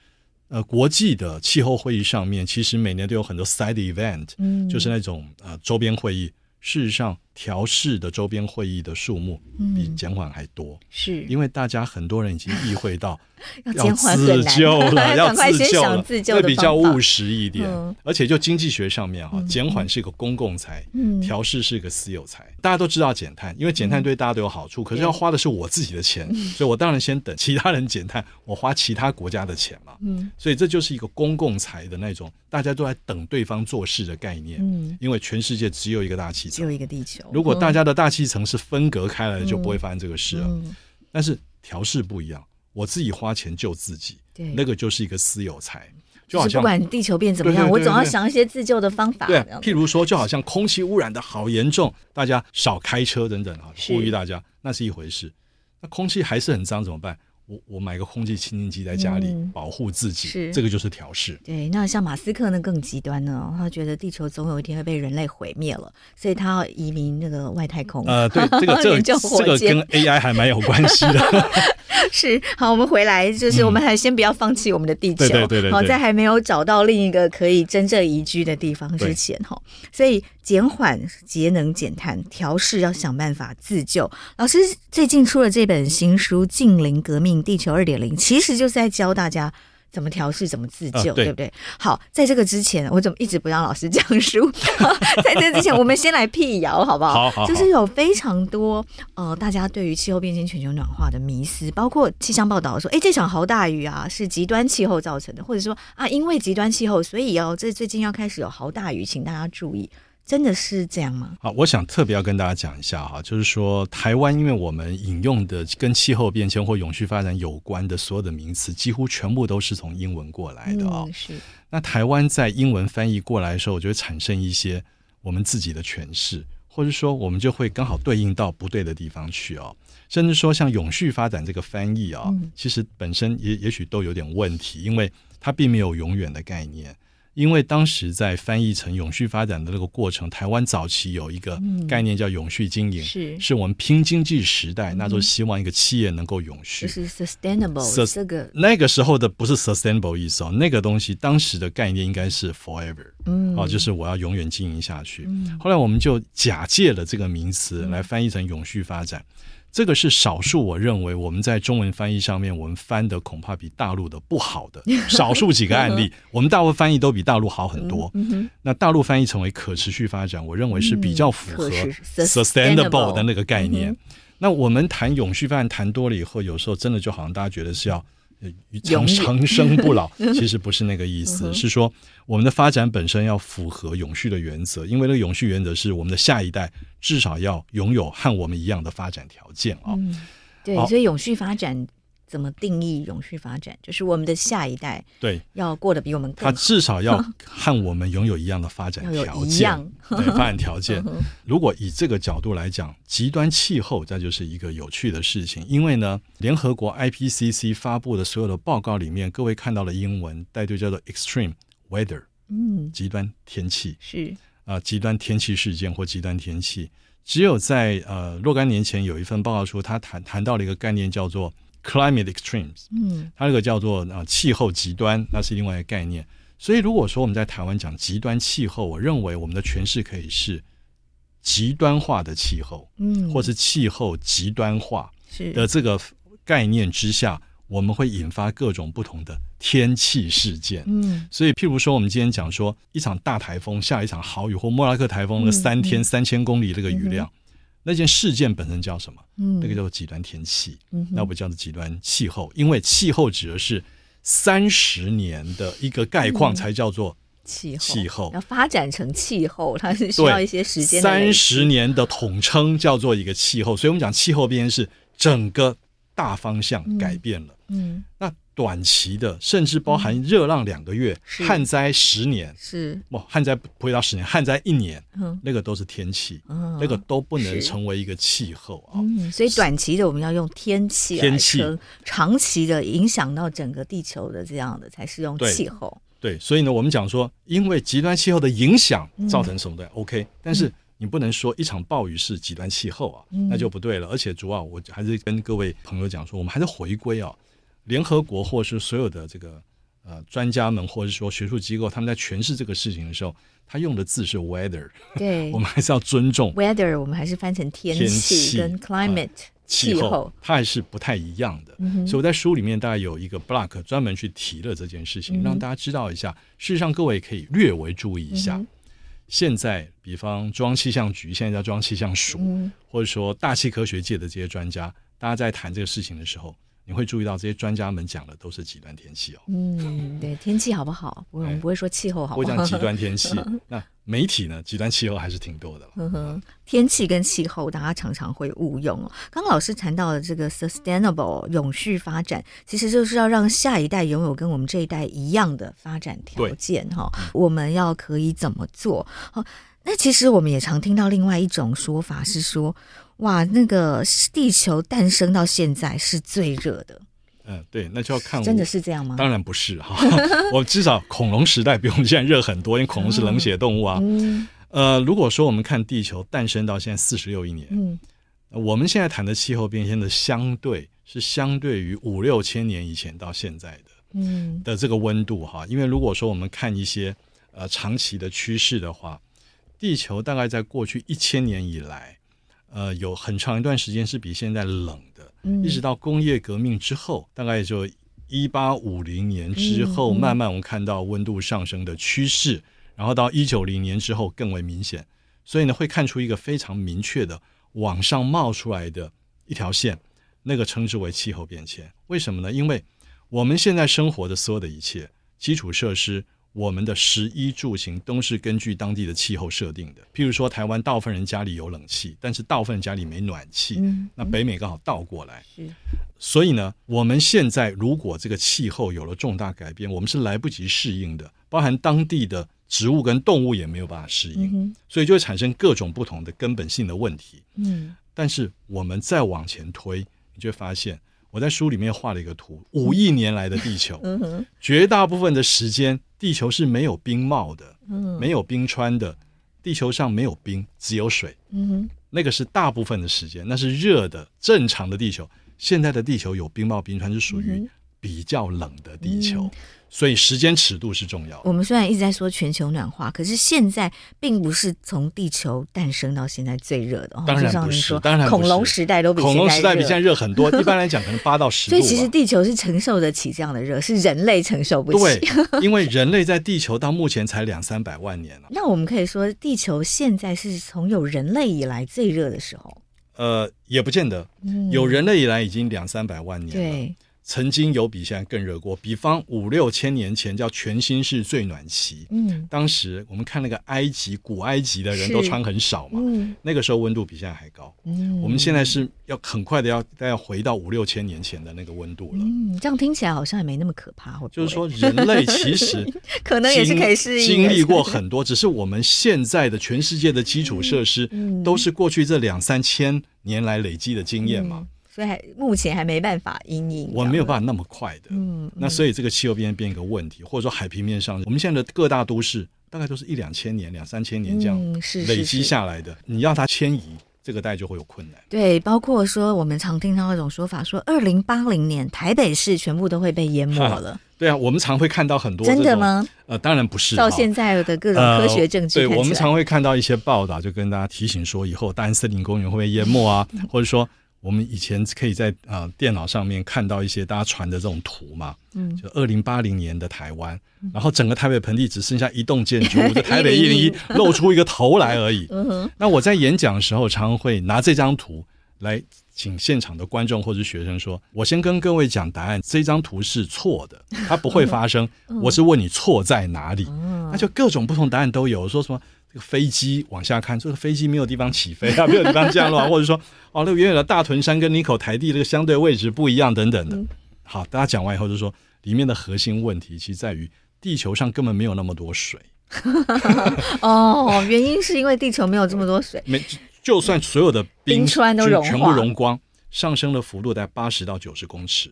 呃，國際的氣候會議上面，其實每年都有很多 side event，嗯，就是那種呃周邊會議。事實上。調適的周邊會議的數目比減緩還多，是因為大家很多人已經意會到要自救了，要自救了，會比較務實一點。而且就經濟學上面啊，減緩是一個公共財，調適是一個私有財。大家都知道減碳，因為減碳對大家都有好處，可是要花的是我自己的錢，所以我當然先等其他人減碳，我花其他國家的錢嘛。所以這就是一個公共財的那種，大家都在等對方做事的概念。因為全世界只有一個大氣層，只有一個地球。如果大家的大氣層是分隔開來的，就不會發生這個事了。嗯嗯、但是調適不一樣，我自己花錢救自己，對那個就是一個私有財。就，好像就是不管地球變怎麼樣，對對對對對我總要想一些自救的方法。對，對，對，對，譬如說，就好像空氣污染得好嚴重，是大家少開車等等啊，呼籲大家，那是一回事。那空氣還是很髒，怎麼辦？我我買個空氣清淨機在家裡、嗯、保護自己，是這個就是調適。對，那像馬斯克呢，更極端了，他覺得地球總有一天會被人類毀滅了，所以他要移民那個外太空。呃，對，這個、這個、 這個跟 AI 還蠻有關係的。 是，好，我們回來就是我們還先不要放棄我們的地球，嗯、對,對,對對對，好在還沒有找到另一個可以真正宜居的地方之前哈，對所以減緩節能減碳調適，要想辦法自救。老師最近出了這本新書《淨零革命》。地球二點零其實就是在教大家怎麼調試、怎麼自救，啊、對，對不對？好，在這個之前，我怎麼一直不讓老師講書？ 在這個之前，我們先來闢謠，好不好？好好好，就是有非常多呃，大家對於氣候變遷、全球暖化的迷思，包括氣象報道說，哎，這場豪大雨啊是極端氣候造成的，或者說啊，因為極端氣候，所以哦，這最近要開始有豪大雨，請大家注意。真的是這樣嗎？好，我想特別要跟大家講一下哈、啊，就是說台灣，因為我們引用的跟氣候變遷或永續發展有關的所有的名詞，幾乎全部都是從英文過來的哦，嗯、是，那台灣在英文翻譯過來的時候，就會產生一些我們自己的詮釋，或者說我們就會剛好對應到不對的地方去哦。甚至說像永續發展這個翻譯哦，嗯、其實本身也也許都有點問題，因為它並沒有永遠的概念。因為當時在翻譯成“永續發展”的那個過程，台灣早期有一個概念叫“永續經營”，是、嗯、是我們拼經濟時代，嗯、那就希望一個企業能夠永續。就是 sustainable，那個所那個時候的不是 sustainable 意思哦，那個東西當時的概念應該是 forever，哦、嗯啊，就是我要永遠經營下去。後來我們就假借了這個名詞來翻譯成“永續發展”。這個是少數，我認為我們在中文翻譯上面，我們翻的恐怕比大陸的不好的少數幾個案例，我們大部分翻譯都比大陸好很多。那大陸翻譯成為可持續發展，我認為是比較符合 sustainable 的那個概念。那我們談永續發展談多了以後，有時候真的就好像大家覺得是要。長生不老其實不是那個意思， 嗯、哼是說我們的發展本身要符合永續的原則，因為那個永續原則是我們的下一代至少要擁有和我們一樣的發展條件啊、哦嗯。對，好所以永續發展。怎麼定義永續發展？就是我們的下一代對要過得比我們更好，他至少要和我們擁有一樣的發展條件， 對，發展條件。如果以這個角度來講，極端氣候，這就是一個有趣的事情。因為呢，聯合國 IPCC 發布的所有的報告裡面，各位看到的英文，帶對叫做 extreme weather，嗯，極端天氣是啊、呃，極端天氣事件或極端天氣，只有在呃若干年前有一份報告書，他談談到了一個概念叫做。Climate extremes，嗯，它這個叫做啊呃、氣候極端，那是另外一個概念。所以如果說我們在台灣講極端氣候，我認為我們的詮釋可以是極端化的氣候，嗯，或是氣候極端化的這個概念之下，我們會引發各種不同的天氣事件，嗯。所以譬如說，我們今天講說一場大颱風下一場豪雨或莫拉克颱風的三天、嗯、三千公里這個雨量。嗯嗯嗯那件事件本身叫什麼？嗯，那個叫做極端天氣。嗯哼，那不叫做極端氣候？因為氣候指的是三十年的一個概況，才叫做氣候。嗯、氣候要候發展成氣候，它是需要一些時間。三十年的統稱叫做一個氣候，所以我們講氣候變遷是整個大方向改變了。嗯.嗯，那短期的，甚至包含熱浪兩個月，旱災是十年是哇，旱災、哦、不會到十年，旱災一年，嗯，那個都是天氣，嗯，那個都不能成為一個氣候啊。嗯，所以短期的我們要用天氣，天氣氣，長期的影響到整個地球的這樣的才是用氣候對。對，所以呢，我們講說，因為極端氣候的影響造成什麼的、嗯、，OK，但是你不能說一場暴雨是極端氣候啊，嗯、那就不對了。而且主要我還是跟各位朋友講說，我們還是回歸啊。聯合國或是所有的這個呃專家們，或者說學術機構，他們在詮釋這個事情的時候，他用的字是 weather。對， 我們還是要尊重 weather，我們還是翻成天氣氣跟 climate 呃、氣候，氣候。它還是不太一樣的。嗯、哼所以我在書裡面大概有一個 block 專門去提了這件事情，嗯、哼讓大家知道一下。事實上，各位可以略微注意一下。嗯、哼現在，比方中央氣象局現在叫中央氣象署，嗯、哼或者說大氣科學界的這些專家，大家在談這個事情的時候。你會注意到這些專家們講的都是極端天氣哦。嗯，對，天氣好不好？我們不會說氣候好不好，哎、不講極端天氣。 那媒體呢？極端氣候還是挺多的呵呵、嗯，天氣跟氣候大家常常會誤用哦。剛剛老師談到的這個 sustainable 永續發展，其實就是要讓下一代擁有跟我們這一代一樣的發展條件哈對、哦。我們要可以怎麼做？好、哦，那其實我們也常聽到另外一種說法是說。哇，那個地球誕生到現在是最熱的。嗯，對，那就要看真的是這樣嗎？當然不是哈、啊， 我至少恐龍時代比我們現在熱很多，因為恐龍是冷血動物啊。嗯、呃，如果說我們看地球誕生到現在四十六億年，嗯，我們現在談的氣候變遷的相對是相對於五六千年以前到現在的，嗯，的這個溫度哈，因為如果說我們看一些呃長期的趨勢的話，地球大概在過去一千年以來。呃，有很長一段時間是比現在冷的，嗯、一直到工業革命之後，大概就一八五零年之後，嗯嗯、慢慢我們看到溫度上升的趨勢，然後到一九零零年之後更為明顯，所以呢會看出一個非常明確的往上冒出來的一條線，那個稱之為氣候變遷。為什麼呢？因為我們現在生活的所有的一切基礎設施。我們的食衣住行都是根據當地的氣候設定的，譬如說台灣大部分人家裡有冷氣，但是大部分人家裡沒暖氣。嗯、那北美剛好倒過來，是所以呢，我們現在如果這個氣候有了重大改變，我們是來不及適應的，包含當地的植物跟動物也沒有辦法適應，嗯、所以就會產生各種不同的根本性的問題。嗯、但是我們再往前推，你就會發現。我在書裡面畫了一個圖，五億年來的地球， 嗯、哼絕大部分的時間，地球是沒有冰帽的，嗯、沒有冰川的，地球上沒有冰，只有水。嗯哼，那個是大部分的時間，那是熱的，正常的地球。現在的地球有冰帽、冰川，是屬於比較冷的地球。嗯所以時間尺度是重要的。我們雖然一直在說全球暖化，可是現在並不是從地球誕生到現在最熱的。當然不是，哦、像你說是恐龍時代都比恐龍時代比現在熱很多。 一般來講，可能八到十度 所以其實地球是承受得起這樣的熱，是人類承受不起。對，因為人類在地球到目前才兩三百萬年了。 那我們可以說，地球現在是從有人類以來最熱的時候。呃，也不見得。有人類以來已經兩三百萬年了。嗯、對。曾經有比現在更熱過，比方五六千年前叫全新世最暖期。嗯，當時我們看那個埃及古埃及的人都穿很少嘛，嗯、那個時候溫度比現在還高。嗯、我們現在是要很快的要大概回到五六千年前的那個溫度了。嗯，這樣聽起來好像也沒那麼可怕。就是說，人類其實 可能也是可以適應，經歷過很多，只是我們現在的全世界的基礎設施都是過去這兩三千年來累積的經驗嘛。嗯嗯嗯所以還目前還沒辦法因應我沒有辦法那麼快的。嗯，嗯，那所以這個氣候變變一個問題，或者說海平面上，我們現在的各大都市大概都是一兩千年、兩三千年這樣累積下來的。嗯、是是是，你要它遷移，這個帶就會有困難。對，包括說我們常聽到一種說法，說二零八零年台北市全部都會被淹沒了。對啊，我們常會看到很多，真的嗎？呃，當然不是。到現在的各種科學證據、哦，呃、對，我們常會看到一些報道，就跟大家提醒說，以後大安森林公園會被淹沒啊， 或者說。我們以前可以在啊、呃、電腦上面看到一些大家傳的這種圖嘛，嗯，就二零八零年的台灣，嗯、然後整個台北盆地只剩下一棟建築的台， 台北一零一露出一個頭來而已。嗯哼，那我在演講的時候常會拿這張圖來請現場的觀眾或者是學生說，我先跟各位講答案，這張圖是錯的，它不會發生。嗯、哼我是問你錯在哪裡？那、嗯、就各種不同答案都有，說什麼？飛機往下看，這個飛機沒有地方起飛啊，沒有地方降落，啊， 或者說，哦，那、這個遠遠的大屯山跟林口台地這個相對位置不一樣等等的。嗯、好，大家講完以後就是說，裡面的核心問題其實在於地球上根本沒有那麼多水。 哦，原因是因為地球沒有這麼多水。沒， 就算所有的冰、嗯、冰川都融全部融光，上升的幅度在八十到九十公尺。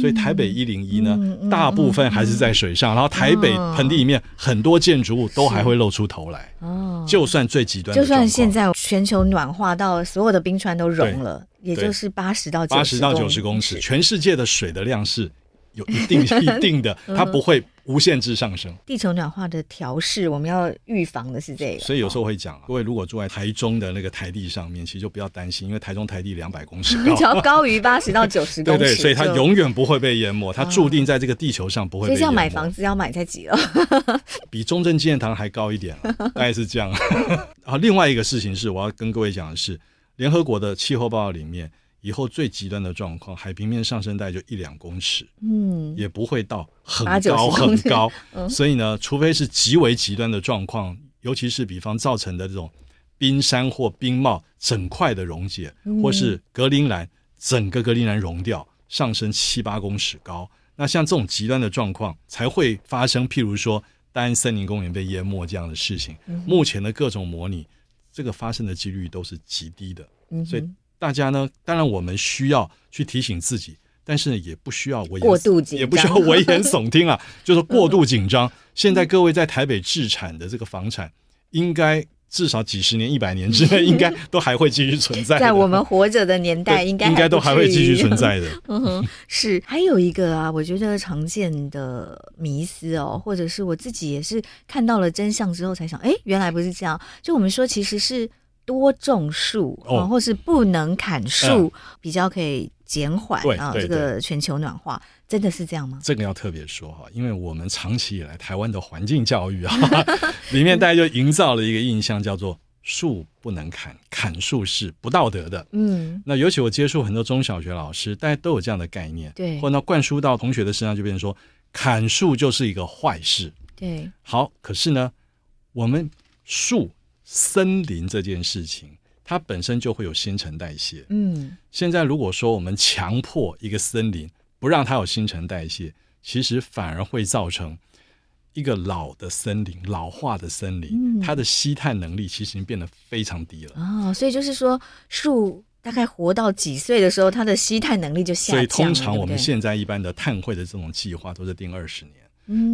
所以台北一零一呢，嗯嗯嗯、大部分還是在水上，嗯、然後台北盆地裡面很多建築物都還會露出頭來。哦，嗯、就算最極端的，就算現在全球暖化到所有的冰川都融了，也就是八十到九十公尺，八十到九十公尺，全世界的水的量是有一定一定的，它不會無限制上升。地球暖化的調適，我們要預防的是這個。所以有時候會講啊，各位如果住在台中的那個台地上面，其實就不要擔心，因為台中台地兩百公尺，你只要高於八十到九十公尺，對,對,對所以它永遠不會被淹沒，它注定在這個地球上不會被淹沒、啊。所以要買房子要買在幾樓？ 比中正紀念堂還高一點，大概是這樣啊。 另外一個事情是，我要跟各位講的是，聯合國的氣候報告裡面。以後最極端的狀況，海平面上升大概就一兩公尺，嗯，也不會到很高很高。嗯、所以呢，除非是極為極端的狀況，尤其是比方造成的這種冰山或冰帽整塊的溶解，嗯、或是格陵蘭整個格陵蘭融掉，上升七八公尺高。那像這種極端的狀況才會發生，譬如說大安森林公園被淹沒這樣的事情。嗯、哼目前的各種模擬，這個發生的幾率都是極低的，嗯、哼所以。大家呢？當然，我們需要去提醒自己，但是呢也不需要過度緊張也不需要危言聳聽啊。 就是過度緊張。嗯、現在各位在台北置產的這個房產，應該至少幾十年、一百、嗯、年之內，應該都還會繼續存在。在我們活着的年代，應該應該都還會繼續存在的。嗯哼 是。還有一個啊，我覺得常見的迷思哦，或者是我自己也是看到了真相之後才想，哎、欸，原來不是這樣。就我們說，其實是。多種樹，或是不能砍樹，哦呃、比較可以減緩啊、嗯、這個全球暖化，真的是這樣嗎？這個要特別說哈，因為我們長期以來台灣的環境教育啊， 裡面大家就營造了一個印象，叫做樹不能砍，砍樹是不道德的。嗯，那尤其我接觸很多中小學老師，大家都有這樣的概念，對，或那灌輸到同學的身上，就變成說，砍樹就是一個壞事。對，好，可是呢，我們樹。森林這件事情，它本身就會有新陳代謝。嗯，現在如果說我們強迫一個森林不讓它有新陳代謝，其實反而會造成一個老的森林，老化的森林，嗯、它的吸碳能力其實已經變得非常低了。哦，所以就是說，樹大概活到幾歲的時候，它的吸碳能力就下降了。所以通常我們對不對？現在一般的碳匯的這種計劃，都是定二十年。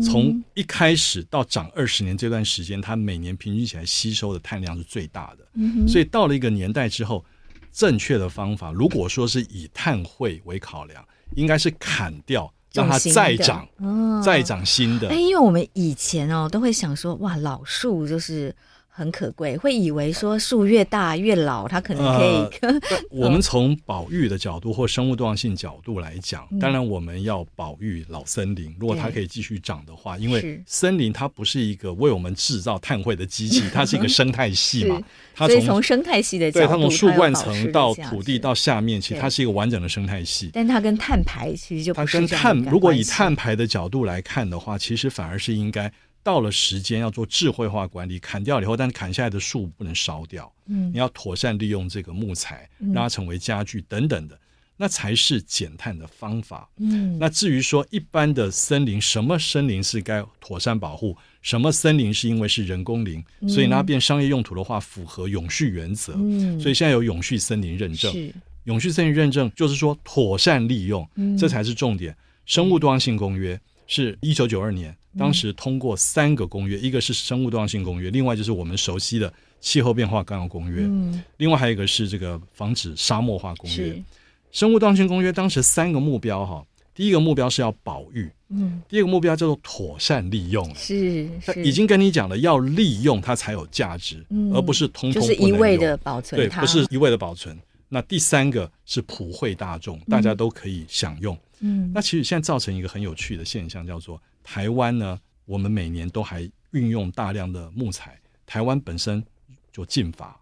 從一開始到長二十年這段時間，它每年平均起來吸收的碳量是最大的。所以到了一個年代之後，正確的方法，如果說是以碳匯為考量，應該是砍掉，讓它再長，哦、再長新的。哎呦，因為我們以前哦都會想說，哇，老樹就是。很可貴，會以為說樹越大越老，它可能可以。呃、 我們從保育的角度或生物多樣性角度來講，嗯、當然我們要保育老森林。如果它可以繼續長的話，對因為森林它不是一個為我們製造碳匯的機器，它是一個生態系嘛。是它從所以從生態系的角度，對它從樹冠層到土地到下面，下其實它是一個完整的生態系。但它跟碳排其實就不是這樣，它跟碳，如果以碳排的角度來看的話，其實反而是應該。到了時間要做智慧化管理，砍掉以後，但砍下來的樹不能燒掉，嗯，你要妥善利用這個木材，讓它成為家具等等的，嗯、那才是減碳的方法。嗯，那至於說一般的森林，什麼森林是該妥善保護，什麼森林是因為是人工林，嗯、所以讓它變商業用途的話，符合永續原則。嗯，所以現在有永續森林認證，是永續森林認證就是說妥善利用，嗯、這才是重點。生物多樣性公約是一九九二年。當時通過三個公約，一個是生物多樣性公約，另外就是我們熟悉的氣候變化綱要公約，嗯、另外還有一個是這個防止沙漠化公約。是生物多樣性公約當時三個目標哈，第一個目標是要保育，嗯，第二個目標叫做妥善利用是，是是，已經跟你講了，要利用它才有價值，嗯、而不是通通就是一味的保存，對，不是一味的保存。那第三個是普惠大眾，大家都可以享用。嗯，那其實現在造成一個很有趣的現象，叫做。台灣呢，我們每年都還運用大量的木材。台灣本身就禁伐，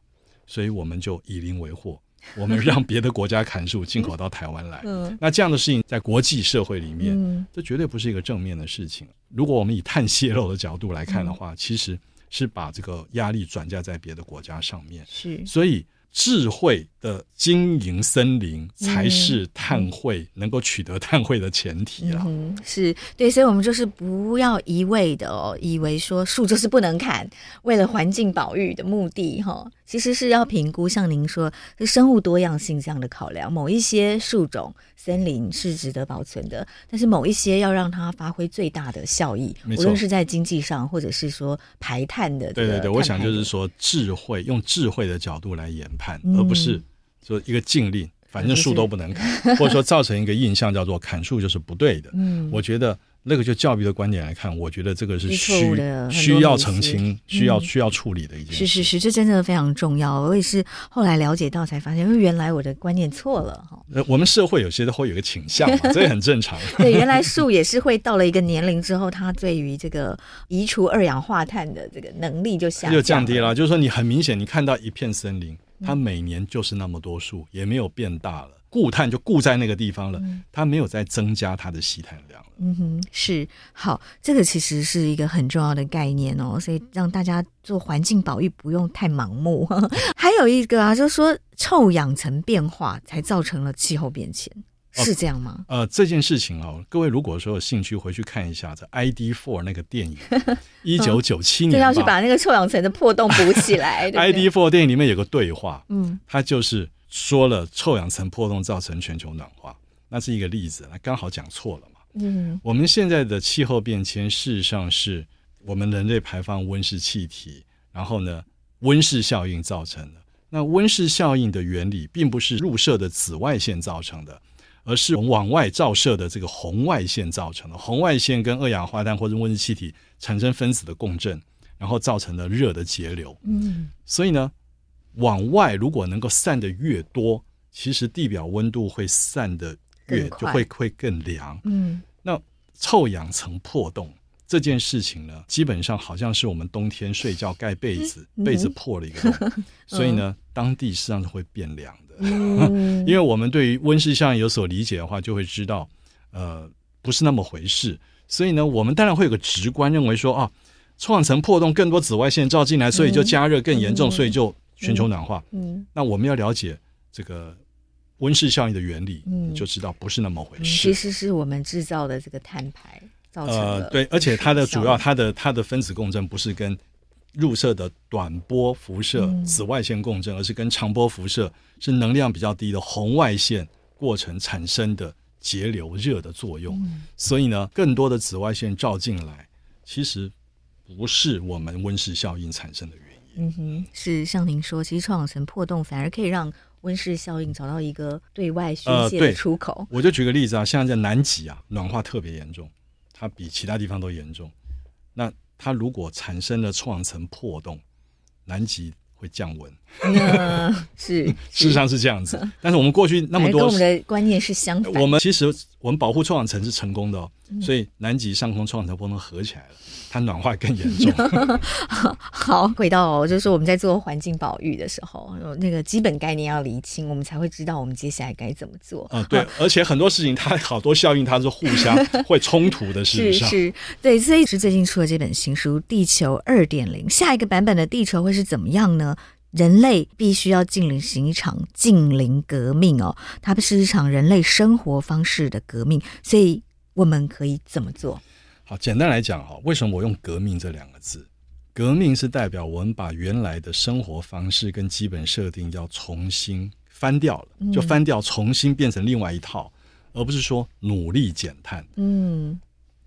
所以我們就以鄰為壑，我們讓別的國家砍樹進口到台灣來。 嗯、那這樣的事情在國際社會裡面，這絕對不是一個正面的事情。如果我們以碳洩漏的角度來看的話，嗯、其實是把這個壓力轉嫁在別的國家上面。是，所以。智慧的經營森林才是碳匯，嗯，能夠取得碳匯的前提啊，嗯，是對，所以我們就是不要一味的哦，以為說樹就是不能砍，為了環境保育的目的哈。哦其實是要評估，像您說，生物多樣性這樣的考量，某一些樹種森林是值得保存的，但是某一些要讓它發揮最大的效益，沒錯。無論是在經濟上，或者是說排碳的碳排。對對對，我想就是說智慧，用智慧的角度來研判，嗯、而不是說一個禁令，反正樹都不能砍，嗯、或者說造成一個印象叫做砍樹就是不對的。嗯，我覺得。那個就教育的觀點來看，我覺得這個是需的需要澄清、需要、嗯、需要處理的一件事。是是是，這真的非常重要。我也是後來了解到才發現，因為原來我的觀念錯了哈。我們社會有些都會有個傾向嘛， 這也很正常。對，原來樹也是會到了一個年齡之後，它對於這個移除二氧化碳的這個能力就下降就降低了。就是說，你很明顯，你看到一片森林，它每年就是那麼多樹，也沒有變大了。固碳就固在那個地方了，它沒有再增加它的吸碳量了。嗯哼，是，好，這個其實是一個很重要的概念哦，所以讓大家做環境保育不用太盲目。 還有一個啊，就是說臭氧層變化才造成了氣候變遷，是這樣嗎？哦、呃，這件事情哦，各位如果說有興趣，回去看一下這《ID Four》那個電影，一九九七年，就要去把那個臭氧層的破洞補起來。 對，對《ID Four》電影裡面有個對話，嗯，它就是。說了臭氧層破洞造成全球暖化，那是一個例子，那剛好講錯了嘛。嗯，我們現在的氣候變遷事實上是我們人類排放溫室氣體，然後呢，溫室效應造成的。那溫室效應的原理並不是入射的紫外線造成的，而是往外照射的這個紅外線造成的。紅外線跟二氧化碳或者溫室氣體產生分子的共振，然後造成了熱的截流。嗯，所以呢。往外如果能夠散的越多，其實地表溫度會散的越快就會會更涼。嗯，那臭氧層破洞這件事情呢，基本上好像是我們冬天睡覺蓋被子，嗯、被子破了一個洞，嗯、所以呢，嗯、當地實際上是會變涼的。 因為我們對於溫室效應有所理解的話，就會知道，呃，不是那麼回事。所以呢，我們當然會有個直觀認為說啊，臭氧層破洞更多紫外線照進來，所以就加熱更嚴重，嗯、所以就全球暖化。嗯，嗯，那我們要了解這個溫室效應的原理，嗯，就知道不是那麼回事。嗯，其實是我們製造的這個碳排造成的。呃，對，而且它的主要，它的它的分子共振不是跟入射的短波輻射、紫外線共振，嗯，而是跟長波輻射，是能量比較低的紅外線過程產生的節流熱的作用。嗯，所以呢，更多的紫外線照進來，其實不是我們溫室效應產生的原因。嗯哼，是像您說，其實臭氧層破洞反而可以讓溫室效應找到一個對外宣洩的出口。呃，我就舉個例子啊，像在南極啊，暖化特別嚴重，它比其他地方都嚴重。那它如果產生了臭氧層破洞，南極會降溫。嗯， 是，是事實上是這樣子，嗯、但是我們過去那麼多，跟我們的觀念是相反的。我們其實我們保護臭氧層是成功的哦，嗯、所以南極上空臭氧層不能合起來了，它暖化更嚴重。 好，回到就是說我們在做環境保育的時候，那個基本概念要釐清，我們才會知道我們接下來該怎麼做。啊、嗯，對，嗯、而且很多事情它好多效應它是互相會衝突的，事實上 是？是，對，所以是最近出了這本新書《地球二點零》，下一個版本的地球會是怎麼樣呢？人類必須要進行一場淨零革命哦，它是一場人類生活方式的革命，所以我們可以怎麼做？好，簡單來講啊，為什麼我用“革命”這兩個字？革命是代表我們把原來的生活方式跟基本設定要重新翻掉了，嗯、就翻掉，重新變成另外一套，而不是說努力減碳，嗯，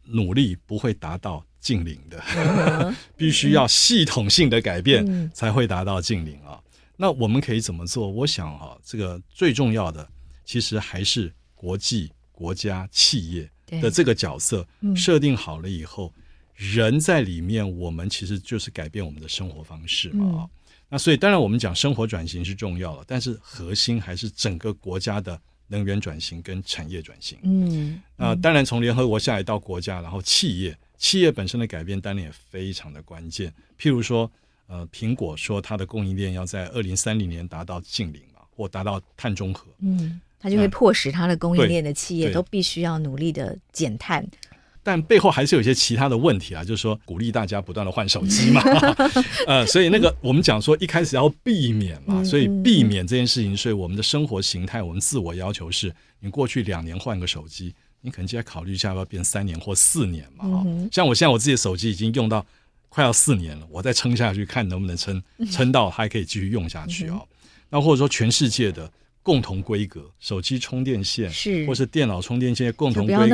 努力不會達到。淨零禁的， 必須要系統性的改變才會達到淨零啊。那我們可以怎麼做？我想啊，這個最重要的其實還是國際、國家、企業的這個角色設定好了以後，人在裡面，我們其實就是改變我們的生活方式嘛啊。那所以當然我們講生活轉型是重要了，但是核心還是整個國家的。能源轉型跟產業轉型，嗯、呃，當然從聯合國下來到國家，然後企業企業本身的改變，當然也非常的關鍵。譬如說，呃，蘋果說它的供應鏈要在二零三零年達到淨零嘛，或達到碳中和，嗯，它就會迫使它的供應鏈的企業都必須要努力的減碳。嗯但背後還是有一些其他的問題啊，就是說鼓勵大家不斷的換手機嘛， 呃，所以那個我們講說一開始要避免嘛，所以避免這件事情，所以我們的生活形態，我們自我要求是你過去兩年換個手機，你可能就要考慮一下要不要變三年或四年嘛，哦，像我現在我自己的手機已經用到快要四年了，我再撐下去看能不能撐，撐到還可以繼續用下去啊，哦。那或者說全世界的。共同規格，手機充電線是，或是電腦充電線，共同規格，規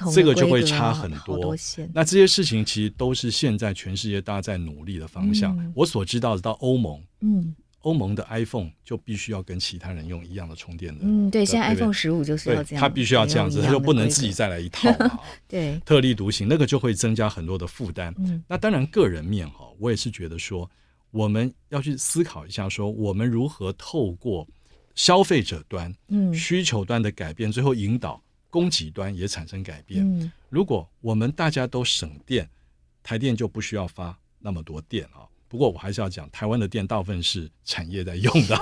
格啊、這個就會差很多。啊、好多線，那這些事情其實都是現在全世界大家在努力的方向。嗯、我所知道的，到歐盟，嗯，歐盟的 iPhone 就必須要跟其他人用一樣的充電的。嗯，對，對現在 iPhone 十五就是要這樣，它必須要這樣子，它就不能自己再來一套嘛。 對，特立獨行那個就會增加很多的負擔。嗯、那當然個人面哈，我也是覺得說，我們要去思考一下說，說我們如何透過。消費者端，嗯，需求端的改變，最後引導供給端也產生改變。嗯，如果我們大家都省電，台電就不需要發那麼多電啊。不過我還是要講，台灣的電大部分是產業在用的，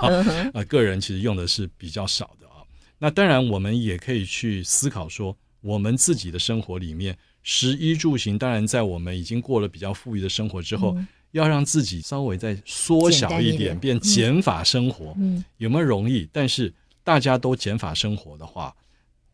啊，個人其實用的是比較少的啊。 那當然，我們也可以去思考說，我們自己的生活裡面，食衣住行，當然在我們已經過了比較富裕的生活之後。要讓自己稍微再縮小一點，變減法生活，嗯，有沒有容易？但是大家都減法生活的話，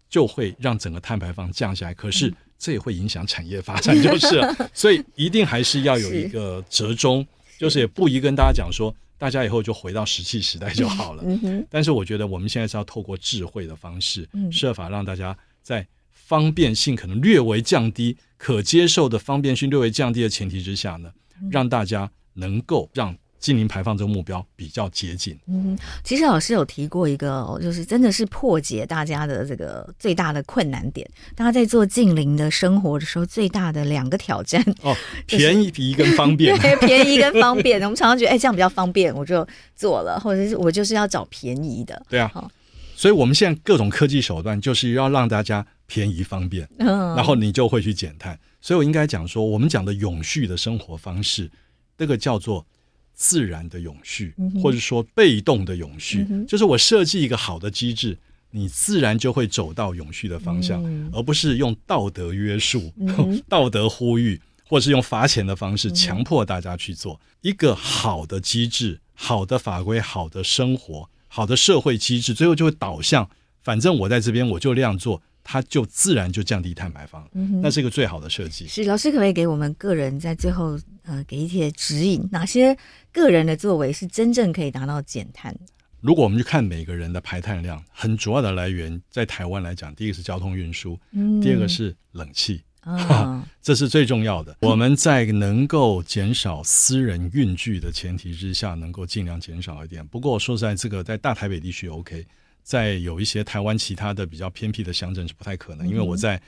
就會讓整個碳排放降下來。可是這也會影響產業發展，就是，所以一定還是要有一個折中。就是也不宜跟大家講說，大家以後就回到石器時代就好了。但是我覺得我們現在是要透過智慧的方式，設法讓大家在方便性可能略微降低、可接受的方便性略微降低的前提之下呢。讓大家能夠讓淨零排放這個目標比較接近。嗯，其實老師有提過一個，就是真的是破解大家的這個最大的困難點。大家在做淨零的生活的時候，最大的兩個挑戰哦，就是、便宜比跟方便 對，便宜跟方便。 我們常常覺得，哎，這樣比較方便，我就做了，或者是我就是要找便宜的。對啊，哦、所以我們現在各種科技手段就是要讓大家便宜方便，嗯，然後你就會去減碳。所以我應該講說，我們講的永續的生活方式，那個叫做自然的永續，或者說被動的永續，就是我設計一個好的機制，你自然就會走到永續的方向，而不是用道德約束、道德呼籲，或是用罰錢的方式強迫大家去做。一個好的機制、好的法規、好的生活、好的社會機制，最後就會導向，反正我在這邊我就這樣做。它就自然就降低碳排放，嗯、哼那是一個最好的設計。是，老師可不可以給我們個人在最後呃，給一些指引，哪些個人的作為是真正可以達到減碳？如果我們去看每個人的排碳量，很主要的來源在台灣來講，第一個是交通運輸，嗯、第二個是冷氣，啊、這是最重要的。我們在能夠減少私人運具的前提之下，能夠盡量減少一點。不過說實在，這個在大台北地區 OK。在有一些台灣其他的比較偏僻的鄉鎮是不太可能，嗯、哼因為我在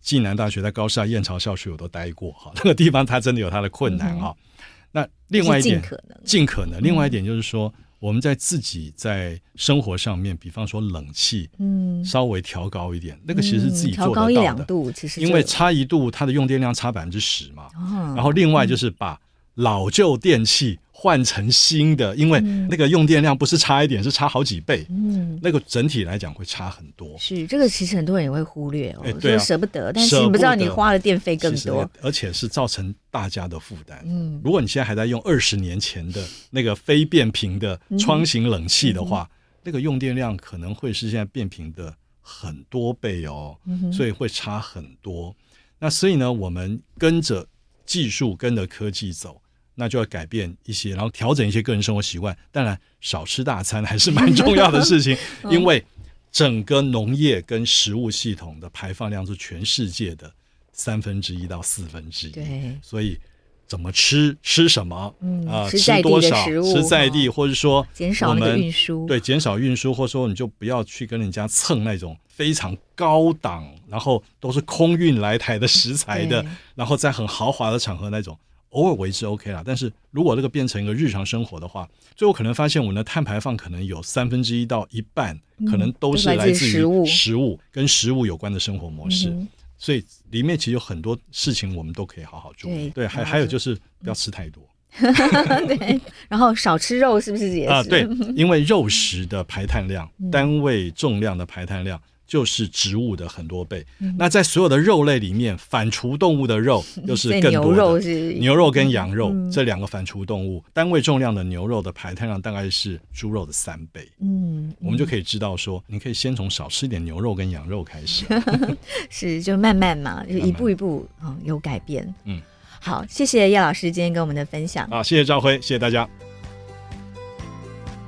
暨南大學在高師大燕巢校區我都待過哈，那個地方它真的有它的困難哈。嗯、哼那另外一點，盡可，可能，另外一點就是說，嗯、我們在自己在生活上面，比方說冷氣，嗯，稍微調高一點，嗯、那個其實是自己做得到的，調高一兩度，就是、因為差一度它的用電量差百分之十嘛。哦、然後另外就是把。老舊電器換成新的，因為那個用電量不是差一點，嗯、是差好幾倍。嗯，那個整體來講會差很多。是這個其實很多人也會忽略、哦，說、哎啊、捨不得，但是你不知道你花的電費更多，而且是造成大家的負擔。嗯，如果你現在還在用二十年前的那個非變頻的窗型冷氣的話，嗯、那個用電量可能會是現在變頻的很多倍哦，嗯、哼所以會差很多。那所以呢，我們跟着。技術跟着科技走，那就要改變一些，然後調整一些個人生活習慣。當然，少吃大餐還是蠻重要的事情， 因為整個農業跟食物系統的排放量是全世界的三分之一到四分之一。4, 對所以怎麼吃，吃什麼，啊、嗯，呃、吃多少，在地的食物，吃在地，或者說我們減少運輸，對，減少運輸，或者說你就不要去跟人家蹭那種非常高檔。然後都是空運來台的食材的。對然後在很豪華的場合那種，偶爾為之 OK 啦。但是如果這個變成一個日常生活的話，最後可能發現我們的碳排放可能有三分之一到一半，2 嗯、可能都是來自於食物，嗯、食物跟食物有關的生活模式。嗯、哼所以裡面其實有很多事情我們都可以好好做。對，還還有就是不要吃太多。嗯、 對，然後少吃肉是不是也是？啊、呃，對，因為肉食的排碳量，嗯、單位重量的排碳量。就是植物的很多倍。嗯、那在所有的肉類裡面，反芻動物的肉就是更多牛肉牛肉跟羊肉、嗯嗯、這兩個反芻動物，單位重量的牛肉的排碳量大概是豬肉的三倍。嗯，嗯我們就可以知道說，你可以先從少吃一點牛肉跟羊肉開始。 是，就慢慢嘛，嗯、就一步一步嗯、哦、有改變。嗯，好，謝謝葉老師今天跟我們的分享。啊，謝謝兆徽，謝謝大家。